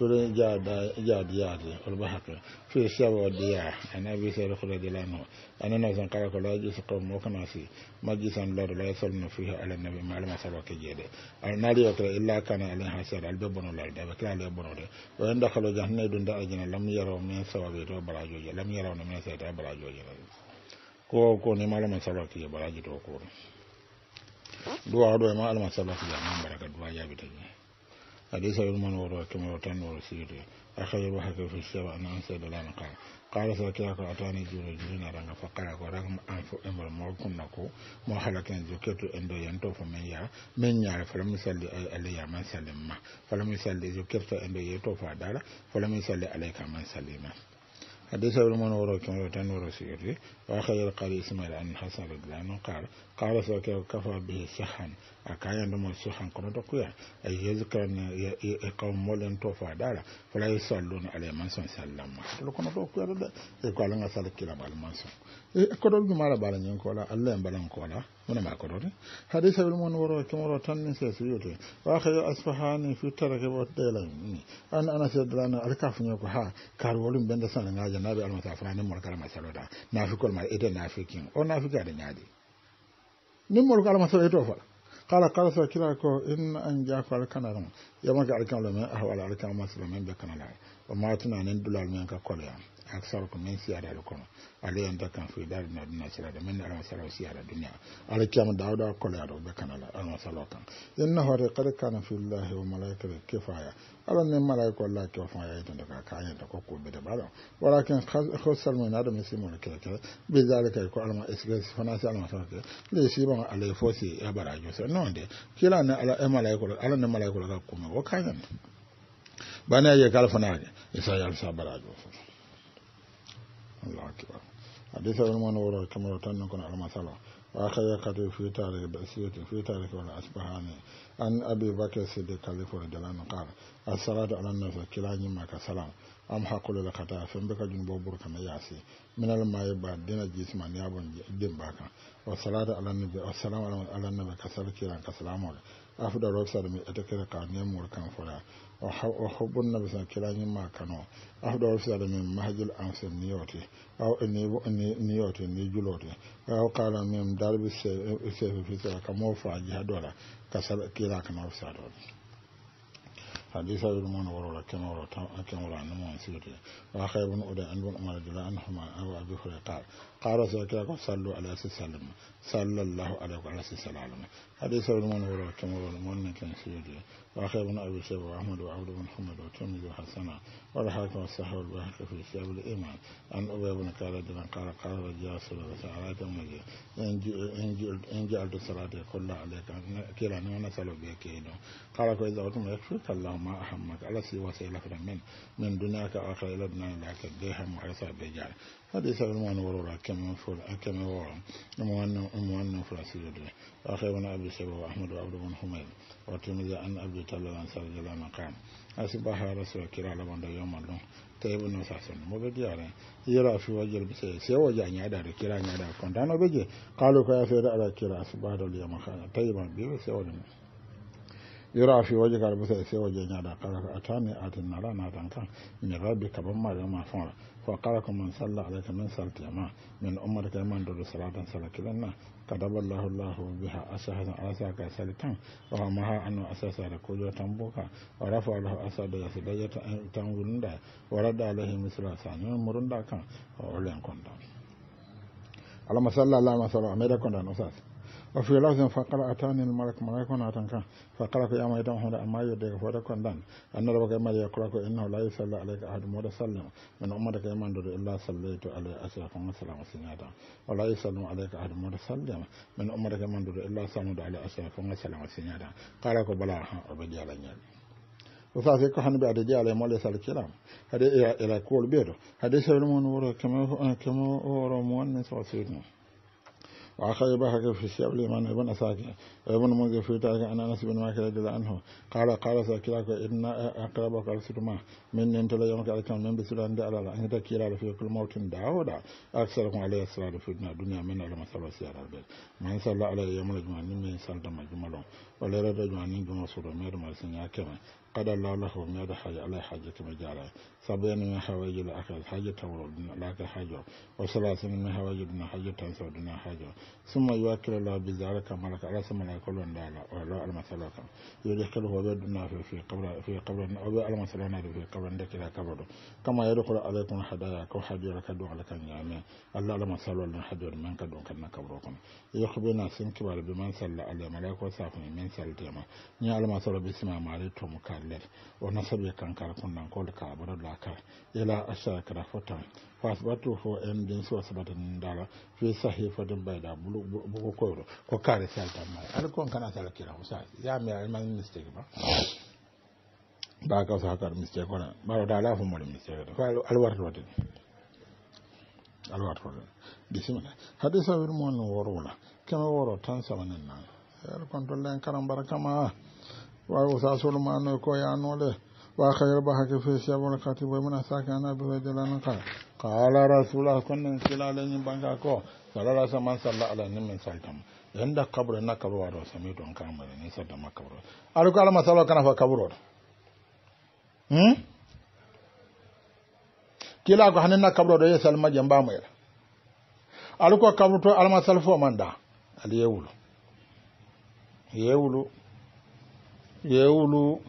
furin jadiyade olba haka fi sawa diya ana bi sai rukula dilano ana na zan kara kula ji su kawo mokana si magisan lord la yasal na fi ala nabi malama saba ke jede alnari ya kira illa kana alin hasiyar albe bono lord da bakira albe bono de wayan da kalo jahannai dun da ajina lam yaro min sawa bai to barajoji lam yaro na min sai ta barajoji ko ko ne malama saba ke baraji to ko duwa duwa ma alama saba ke jami'an baraka duwa ya bi ta jini أليس علما ورواكما وتن ورسيري أخرج بحك في السبع أن أنسى دلان قال قال ساكياك أتاني جول جولنا رنغ فقال ورغم أنف أمر موكم نكو مو حلقين زكيتو إندو ينتو فمن يا من يا فلم يسلي علي من سلم فلم يسلي زكيتو إندو يتو فادالا فلم يسلي عليك من سلم حديث ابن منور كما تنور ورسيري وأخي القاري إسماعيل عن حسن الدلان قال قال سوك كفى به سحا أكايا نمو سحا كما تقويا أي يذكر أن يقوم مولين توفى دارا فلا يصلون عليه من سلم لكنا تقويا يقول لنا سلك كلا بالمنسون e eh, kodol jumala bala nyen kola allah en balan kola wona ma kodode eh? hadisa wel mon woro to woro tan ni min yote wa waakayo asfahani fi tarake o ɗeela eh? an ana anasedalana alkafuño ko ha kar wolum ɓende sana ngaja naɓe almasa frani mol na fi kol ma ede nafikin o nafiki aɗa ñaadi nin mol ko almasa eto fala kala kala so kila ko in an ja yama ga al yamake alkanlo men al alkan maslo men be kanala wa ma tuna nen dulal men ka ya aksarukum min da kono ala yanda kan fi dar na dina sira da min ala sira siyada dunya ala kiyam dawda ko la do be kanala ala salo kan inna hore qad kana fi llahi wa malaikatihi kifaya ala ne malaiko la ke fa ya tan daga ka yanda ko ko be da bala walakin khosal min adam si mun ke bi zalika ko alma isgas fana sa alma sarke le si ban ala fosi ya barajo sa non de kila na ala malaiko ala ne malaiko bana ya kalfana ne isa ya alsa Allah akibar. Hadisa wani mana wuri kamar wutan nan kuna almasala. Wa aka yi kadu fi tare da basiratin fi tare da wani asibaha ne. An abi bakar su da kalifu da jalan nukar. A tsara da alan nasa kila yin maka salam. Am hakuli da kata fin bika jin bobur kama yasi. Minal mai ba dina jisman ya bun din baka. Wa tsara da alan nabi wa salam alan nabi kasar kiran kasalamur. Afu da roksa da mai ita kira ka nemur kan fura. وحب النبي كلاني ما عليه وسلم كانوا أفضل رسالة من مهجل أنس نيوتي أو نيوتي نيجلوتي أو قال من دارب السيف في سيف كموفا جهدولا كسر كلا كما رسالة حديث أبي المون ورولا كما ورولا كما ورولا كما سيوتي وأخي بن أودي أن بن أمر جل أنهما أبو أبي هريرة قال قال سيكا صلوا على سلم صلى الله عليه وعلى سلم حديث أبي المون ورولا كما ورولا كما سيوتي وأخي بن أبي شيبة وأحمد وعبد بن حمد والترمذي وحسنة والحاكم والصحيح والبيهقي في كتاب الإيمان عن أبي بن كالد بن قال قال رجاء رجال سورة سعرات النبي إن جعلت صلاتي كلها عليك كلا ونسأل بك قال فإذا أتم يكفيك ما أحمك على سوى سيلك من من دنياك آخر إلى دنيا دنياك الديهم وحساب بجعل حديث المؤمن ورورا كما فول كما ورا المؤمن المؤمن في السجود أخي أبي شيبة وأحمد وعبد بن حميد wato mu za an abdu talla ban sa da lama kan asu ba kira la banda yawma don ta yi bin sa sun mu bi yare yira fi wajil bi sai sai waje an yada da kira yada kan dano bege kalu ka sai da ala kira asu ba da yawma kan ta yi ban bi sai wani yira fi waje kar bi sai sai waje yada kan ka atani atin na rana kan ni rabbi ka ma da ma fa fa kala kuma sallallahu alaihi wa sallam min ummatika man da salatan salakilanna kadaballahu llahu biha asa ka salitan wa maha anu asasa da kujo tamboka wa rafa lahu asada ya sidaya tan wurunda wa rada alaihi misra sanin murunda kan wa ulen konda ala masalla ala masalla ameda konda no sasa وفي لفظ فقرأ أتاني الملك ملك أتنك فقرأ في أما يدم هنا أما يدك فدك وندان أن ربك إما يقرأك إنه لا يسلى عليك أحد مود سلم من أمتك إما ندر إلا سليت عليه أشرف وسلام سنادا ولا يسلم عليك أحد مود سلم من أمتك إما ندر إلا صمد على أشرف وسلام سنادا قالك بلا أبدي على نيالي وفاتي كحن بعد مولي سال الكلام هذا إلى إلى كل بيرو هذا سيرمون ورا كما كما ورا مؤمن سوى سيدنا وأخرج بحق في الشعب الإيمان ابن ساكن ابن منذر في تارك عن أنس بن مالك رضي عنه قال قال ساكلاك إن أقربك السلمة من أنت لا يومك عليك من بسلان دعلا لا أنت كيرا في كل موت دعوة أكثركم عليه الصلاة في الدنيا من على مسألة سيارة البيت من صلى عليه يوم الجمعة من صلى مجملون ولا رد جمعة من صورة مير مرسين يا كمان قد الله له مير حاجة عليه حاجة كما جعله سبعين من حوايج الأكل حاجة تورد لك حاجة وثلاثين من حوايج بن حاجة تنسود حاجة ثم يوكل الله بذلك ملك على سمع كل دالا ولا المثلة له بدنا في في قبر في قبر أو المثلة في قبر ذلك لا كبره كما يدخل عليكم حدايا كو حجر كدو على كان يامي الله المثل ولا حدا من كدو كنا كبركم يخبرنا سنكبر بمن سل على ملك وسافني من سل تيما ني المثل بسم ما عليتم كالف ونسبي كان كان كنا كل كبر alaka ila ashakra fotan fasbatu fo en din so fi bayda ko kare salta mai alkon kana salakira usa ya mi mistake ba ba ka sa kar mistake kona ba da ala mistake da alwarto wadin alwarto wadin bisimila hadisa wir worona woro tan nan to len karam barakama wa ko ya no le وآخر بحك في سياب الكاتب ومن ساكن أبي وجلان قال قال رسول الله كنا نسل عليه بانكاكو صلى الله عليه وسلم صلى على نمن ساكن عند قبر نكبر وارو سميت وانكامل نسل ما قبر ألوك على صلى كان في قبر هم kila ko hanen na kabro do yesal majam ba mayra aluko kabro to alma salfo manda ali yewulu yewulu yewulu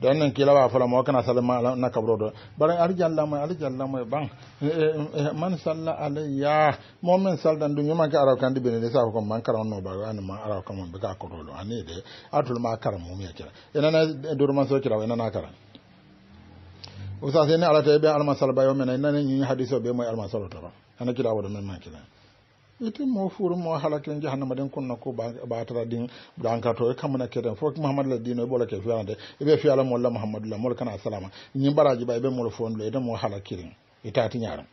don nin kila ba fara mawa kana salama na kabro da bari arjalla mo arjalla mo ban eh, eh, eh, man salla alayya mo saldan dun yuma ka araw kan ne bene sa ko man karam no ba an ma araw kan man ka ko lo ani de atul ma karam mu y'a kira ina na dur man so kira ina na karam usase ne ala ta al masal ba yo men ina ne yin hadiso be al masal to ba ana kira wa da man kira ite mo furu mo halaken jahannama den kunna ko batara din ka to e ke keden fo muhammad la dino e bola ke ande e be ala mo la muhammad la mol kana salama nyi baraji ba e be mo fon le de mo halakirin itati nyaram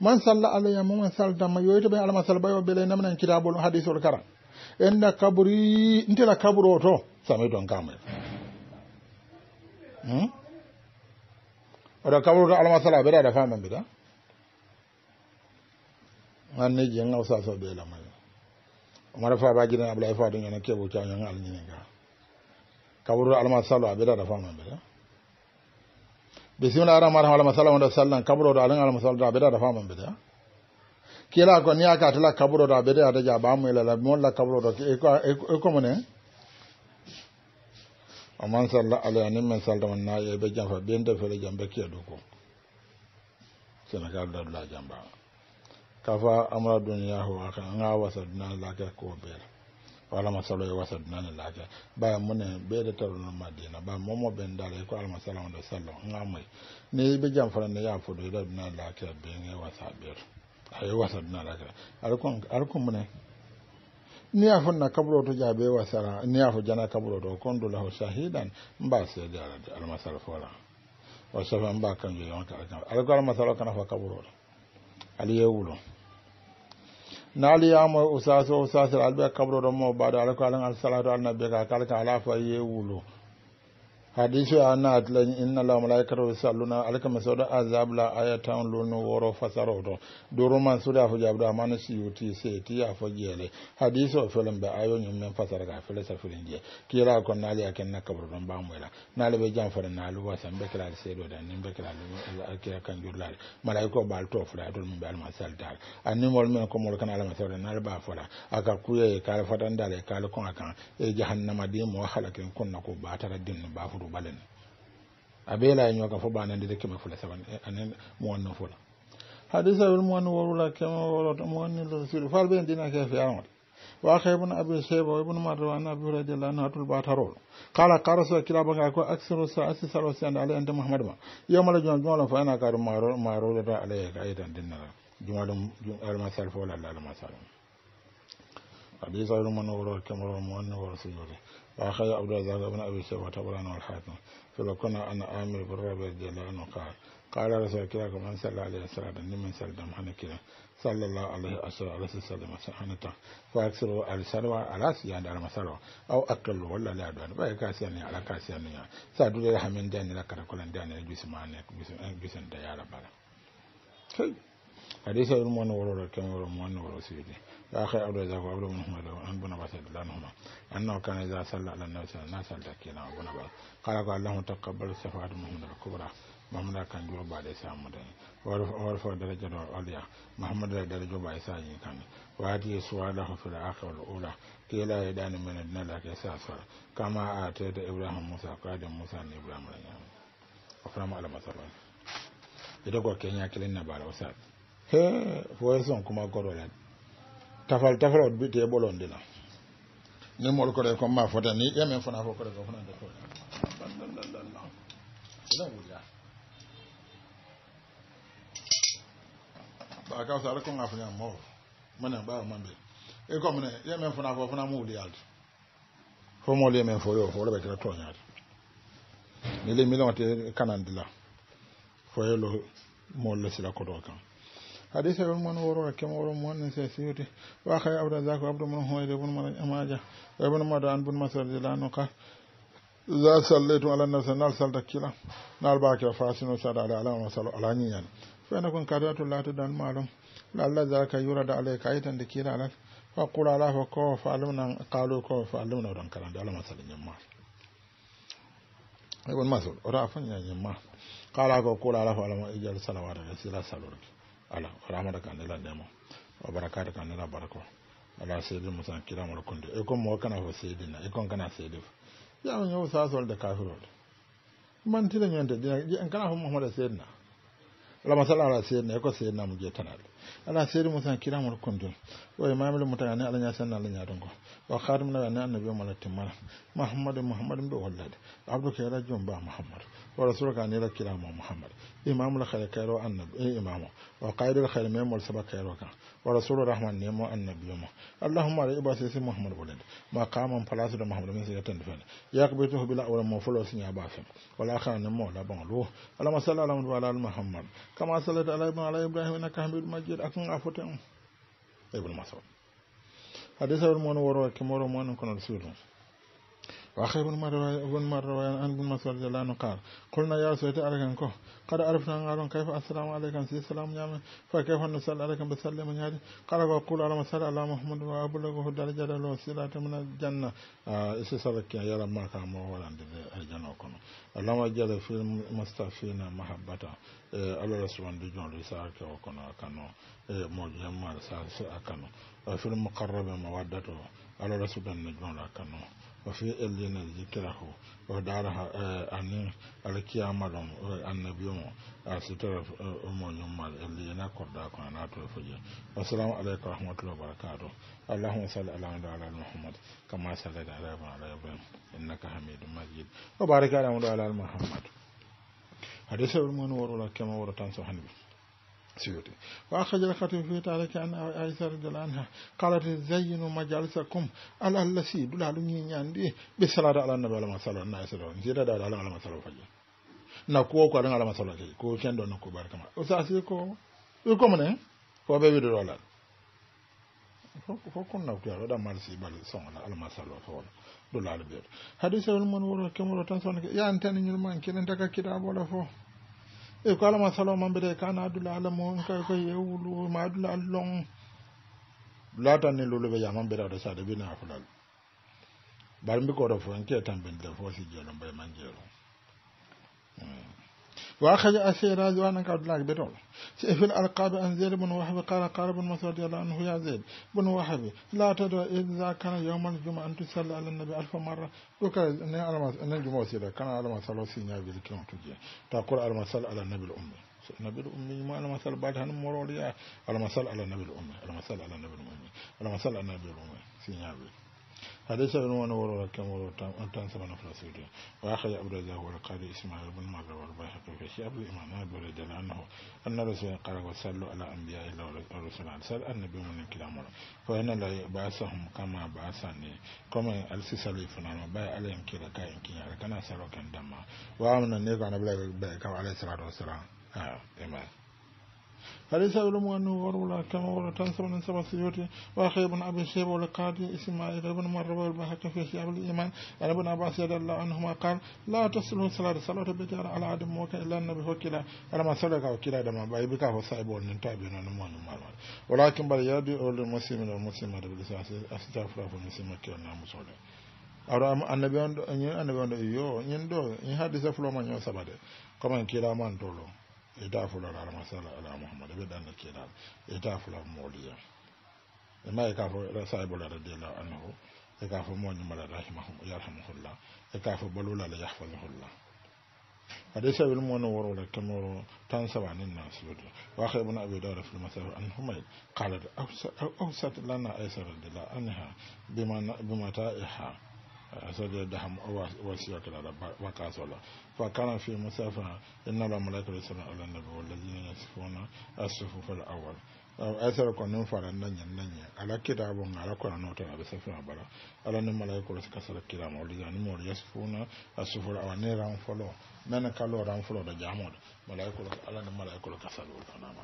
man salla alayya mo man salda ma to be alama ba yo bele namnan kitabul hadithul karam enna kaburi ntela kaburo to sami don kamel hmm oda kaburo alama sala be da famen bi da an ne je ngaw sa so umar fa ba gidan abulai fa dun yana kebo ta yan alni ne ga kaburu da fama sallan kaburu da alin da da fama kila ko ni aka tala da ja ba mu ila la la da e ko amman e e salla ala ni men salla man na ye be nda fere jambe ke do ko ka da la jamba kafa amara duniya huwa kan nga wasa duniya lafiya ko bela wala masalo ya e wasa duniya lafiya ba mun ne be da taro na madina ba mun mo ben dare ko alma salamu da sallam an mai ne be jam fara ne ya fodo e da duniya lafiya be ne wasa bela ayi wasa duniya lafiya arkon arkon mun ne ni a fo na to jabe wasara ni a fo jana kaburo to kondo lahu shahidan mba se da alma salamu fara wasa mba kan yo yon ka alko alma kana fo kaburo ali ye wulo na liya usas usasa usasel alɓe kabro mo mu ala ko alan alsalatu alnabi ka kala ka ala ye hadisi a na atilan inna la malaikata wa salluna alaka masauda azab la ayatan lunu woro fasaroto duru man suda fu jabdu amana siyuti se ti ya fo jele hadisi o felon be ayo nyum men fasara ka fele sa filin je kira ko nali aken na kabru don ba moyla nali be jam fara nalu wa sambe kala se do dan nimbe kala do kira kan jurla malaiko bal to fura dol min bal masal dal anni mol men ko mol kana la masauda nali ba fara aka kuye kala fatan dale kala kon akan e jahannama de mo halakin kunna ko ba tara din ba furu balen abela nyo ka fo bana ndide kema fula saban anen muwanno fula hadisa bil muwanno warula kema wala to muwanno sir fal ben dina ke fi amal wa khaybun abi shayba ibn marwan abi radiyallahu anhu atul batarol qala qarasu kilaba ka ko aksaru sa'asi salu san ala anta muhammad ma yawmal la jumma fa ana karu maro maro da alayka aidan dinna jumma dum jumma sal fo la la ma sal hadisa bil muwanno warula kema wala muwanno sir Wa xaya Abudulaye dama? Awa na abin shaikh wa ta'u wala nama alhamdulilahi. Kala kuna ana ame ba raba da dama yana ko ala. Kala ala kira kamar man salalai sada, ni man sali dam hana kira. Sallola ala yi asalo ala salli ma sa ana ta. Wa ke saka ala sani ya da alama au Awo akalli wala ne a do ba yaka a sani ala ka sani naye. Sadiya alhammin da ina na da kala ko in ma ina ko ina ko ina ko ina ko ina ko ina ko ina ko ina ko ina آخر أولو ذاك وأولو منهما له أن بنا بس رضي الله أنه كان إذا صلى على الناس الناس الله عليه وسلم كلا قال قال اللهم تقبل صفات محمد الكبرى محمد كان جوا بعد إسلام مدني ورفع درجة أولياء محمد درجة بعد إسلام كان وهذه سؤاله في الآخر الأولى كي لا يدان من الدنيا لك إساسا كما آتيت إبراهيم موسى قادم موسى إبراهيم وفرما على مثلا إذا كنت كينيا كلنا بعد وسات he fo son kuma goro tafal tafal bi te bolon dina ni mol ko de ko ma fota ni ya fona ko ko ko fona de ko ba ka sa ko e ngafu ya mo mana ba ma be e ko mene ya fona ko fona mu li alto fo mo li fo yo fo le be to nya ni le mi don te kanan dila fo yo lo mo le sila ko do kan حديث ابن منور كم ور من سيوتي واخر عبد الرزاق وعبد من amaja ka za ala nal salta kila nal sada ala ala ala fa na kun kadatu dan malum la Allah yura da alai kaitan da kila ala fa ala fa ko fa qalu ko fa karan da ala masalo ma. ibn masud ora fa nyamma qala ko ala fa alama ijal sila salur ala rahama da kanila nema wa baraka da kanila barako ala sayyidin musan kira mu kundu e kon mo kana fa sayyidin na e kon kana sayyidin ya mun yau sa sol da kafirol man tilan da dina kana fa muhammad sayyidina ala masala ala sayyidina e ko mu je tanal ala seedi mo tan kiramol kondun wa imamul mamile ala tan ane ala ñasanna don ko wa khadim nawe ane annabi omala timmala mahamadou mahamadou mbe hollade abdou ke ala joom ba wa rasul ka nira kira ma muhammad imam la khair kairo annabi e imam wa qaidul khair me mol sabak kairo kan wa rasul rahman ne mo annabi mo allahumma ra ibas sai muhammad bolen ma qaman falasu da muhammad min sai ya tanfa ya qabitu bil awla mo fulo ya wa la akhiran mo la ban allahumma salli ala wa ala muhammad kama sallata ala ibn ala ibrahim innaka hamid majid akun afutan ibn masud hadisa wal mo rasulun waxe bun mar bun mar wayan an bun masal de lanu qal qulna ya sayyidi alakan ko qad arafna ngalon kayfa assalamu alaykum fa kayfa nusalli alaykum sallam nyad qala wa qul ala masal ala muhammad wa abu lahu daraja lahu silatun min janna isi sabak ya ram ma ka mo wala de aljana ko no allama jala fi mustafina mahabbata ala rasulun de jondo isa ka ko no kanu mo jamal sa sa kanu fi al muqarrab mawaddatu ala rasulun de jondo kanu وفي إلينا ذكره ودارها أن الكيامة النبي ستر أمون يوم إلينا قرداك أنا تلفجي والسلام عليكم ورحمة الله وبركاته اللهم صل على على محمد كما صليت على على إبراهيم إنك حميد مجيد وبارك على محمد حديث المنور كما ورطان سبحانه سيوتي وأخرج الخطيب في تارك عن عائشة رضي الله عنها قالت زينوا مجالسكم على الذي دلال نياندي بسلاة على النبي على مسألة الناس زيادة دار على مسألة فجأة e eh, ko alama salo mambere kana adula mo ka ko yewulu ma adula long latan ne lulu be man bera da sade bina akulal bar mbi ko do fo en ke ben da fo si jelo be man jelo hmm. واخذ اسير رضوان قد لاك بدون سيف الالقاب عن زيد بن وهب قال قال بن مسعود رضي الله عنه يا زيد بن وهب لا تدع اذا كان يوم الجمعه ان تصلي على النبي الف مره وكذا ان علم ان الجمعه سيدا كان علم صلى صلوا سينا بالكلام تجي تقول علم صلى على النبي الامي النبي الامي ما علم صلى بعد هن مرور على ما صلى على النبي الامي علم صلى على النبي الامي علم صلى على النبي الامي سينا بالكلام حديث ابن ونور ركم أنت أنسب نفر سيدي وأخذ أبو رزا والقاضي إسماعيل بن ماجر والبيهقي في شيء أبو الإمام أبو رجل عنه أن رسول قال وسلوا على أنبياء الله والرسول عن سأل النبي من كلام فإن لا بعثهم كما بعثني كما ألسسلي فنان باي عليهم كلا كائن كيان كان سرقا دما وأمن النبي عن أبو رجل عليه الصلاة والسلام آه إمام فليس يعلم أنه غرول كما ولا من سبع سيوتي وأخي ابن أبي شيبة والقاضي إسماعيل ابن مروة البهكي في شعب الإيمان عن ابن عباس رضي الله عنهما قال لا تصلوا صلاة صلاة بجار على عدم موكا إلا النبي وكلا على ما سلك وكلا دما باي بك هو صاحب والنتابين ونمان ومعلومات ولكن بل يدعو للمسلمين والمسلمات بالإسلام أستغفر المسلمين كيونا مصولي aɗo annabi on ɗo annabi on ɗo yo ñin ɗo ñin haddisa fuloma ñoo saɓa de comment kiila man tolo ita fular almasala ala muhammad be dan ke da ita fular moliya amma ya kafo da sai bula radiyallahu anhu ya kafo mo ni mala rahimahu yarhamuhullah ya kafo balula la yahfazuhullah hade sabil mo no woro la kamoro tan sabanin na sudu wa khay ibn abi dawud fi masal an humayl qalat awsat lana aisha radiyallahu anha bima bima ta'iha asad daham wasiyatu la bakasola فكان في مسافة إن الله ملائكة يسمع على النبي والذين يصفون الصفوف الأول أو أثر كونن فرن نني نني على كتاب على كون نوت على سفر بلا على نم ملائكة يسكسر كلام ولذين مور يصفون الصفوف الأول نيران فلو من كلو ران فلو دجامود ملائكة على نم ملائكة يسكسر ولا نعم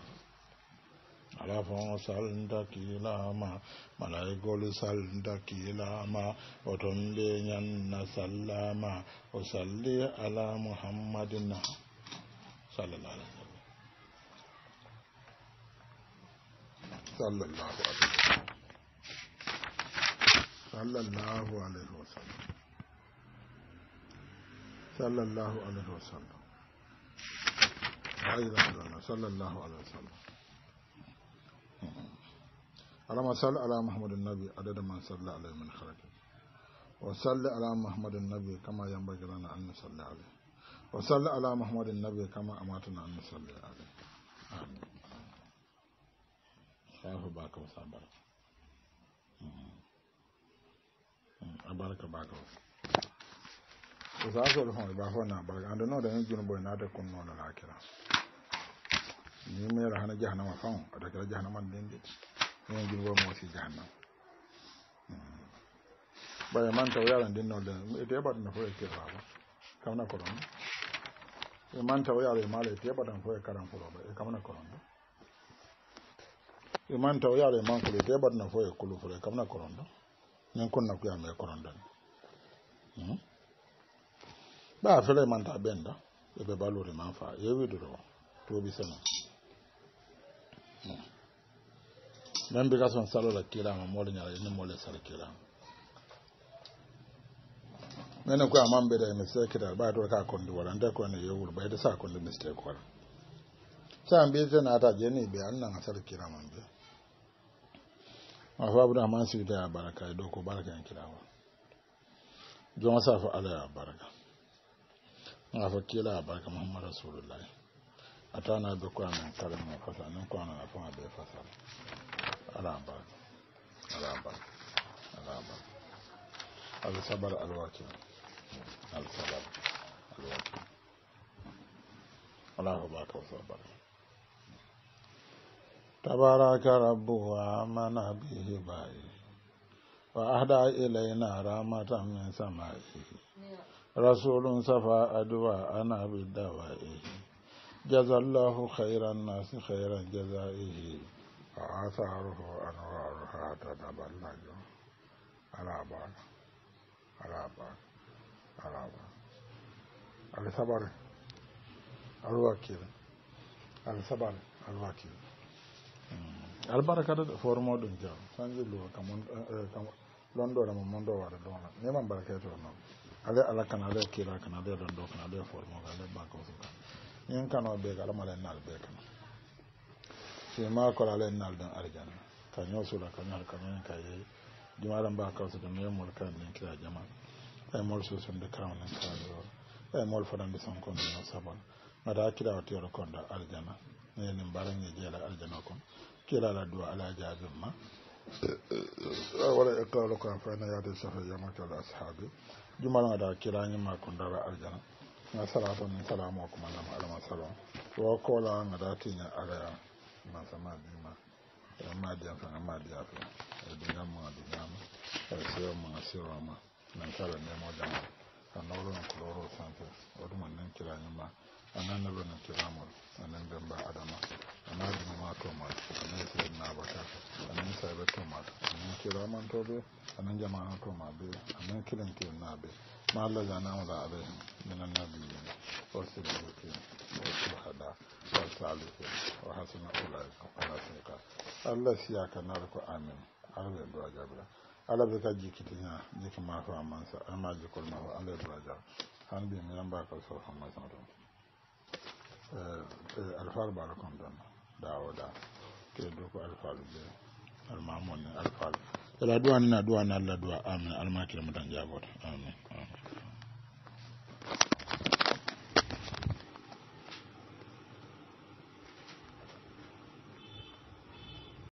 ala fon salda kilama malaikol salda kilama oton ɓe ñanna sallama o salli ala muhammadin sallallah alih sallam sallallahu alaihi sallallahu alaihi wasallam sallallahu alaihi wasallam sallallahu alaihi wasallam اللهم صل على محمد النبي عدد من صلى عليه من خلقه وصل على محمد النبي كما ينبغي لنا أن نصلي عليه وصل على محمد النبي كما أماتنا أن نصلي عليه آمين الله باك وصبرك أبارك باك وصابر هون بافونا بارك عندنا ده يجون بوينا ده كنا ولا لا كلا نيمير هنا جهنم فاهم أذكر جهنم دين دي ɗen jungo moosi jahannam ɓaye hmm. man taw yaran dennolde ete ɓaɗana fo e ke baba kamna korono e man taw yaro e maala ete ɓaɗan fo e karan foroɓa e kamna korondo e man taw yaro e mankolo ete ɓaɗana fo e kulu foro e kamna korondo min kunna kuyame e korondoni hmm. ɓa fela e manta ɓenda eɓe balure man fa yewiduro tuubi seno Yeah. Hmm. men bi ka sɔn salo la kira ma mɔli ɲaga ni mɔri salo kira ne ko a man bɛ da sɛ kira ba to ka kondi wala tɛ ko ne wuli ba ida sa kondi mistake wala sa bi ta na ta jɛ ni bi an nana sali kira ma bi A fa bu da man si da baraka do ko baraka en kira wa jɔn sa fa ala ya baraka nga fa kila ya baraka a ta'a na bi ko an kare mo fasa a ko an a be fasa alamba alamba alamba alisabar alwakin alisabar alwakin alahu ba ka sabar tabaraka rabbuwa mana bihi bayi wa ahda ilaina ramatan min samai rasulun safa adwa ana bidawa jazallahu khairan nasi khairan jazaihi a asaruhu anwaruha tataballaju ala bala ala bala ala bala alsabari alwakil alsabari alwakil hmm. sanji luwa kam eh, londo da mo mondo wara dona ne man ale ala kana ale kira kana ale londo kana ale formo ale bako suka yin kano be fima kolala en nalɗen arjanna kañoo suula kañohal kañoen ka yeeyi jumaɗan mba kawsude mbiye mol kanɗen kira jama kawo mol susunde kawnen yi mulfa da fotande sonkonde na sabon da mbaɗa kiɗawa tiyoro konɗo arjana nenin mbarañe jeela arjana kon kiɗala duwa ala jaabin ma wala iqralu ko fayna yaade safa yamake ala ashabi jumaɗo gaɗa kirañima ko dara arjana ga salatan min salamo ko manama alama salon wo kola gaɗa tiña alaya masamadiŋma e madiyan faŋa madiya fe e duñamma a duñama e siwoma a jama a nowrona ko lowro sanfe anan na bana kiramul anan ben ba adama anan bin ma tomal anan sirin na baka anan sabe tomal anan kiraman tobe anan jama'a tomal be anan kiran kiran na be ma Allah ya namu da alaihim min annabiyyin wa siddiqin wa o wa salihin wa hasuna ulaika rafiqa Allah siya kanar ko amin arbe du'a jabra ala be ka jikitinya jikima fa amansa amma jikol ma ala du'a jabra han bi mi yamba ka so hamma sa alfaaru baalu kontoon dawo da kee do ko alfaaru duwa duwa na alla amin almaa kilimutan jaaboota amin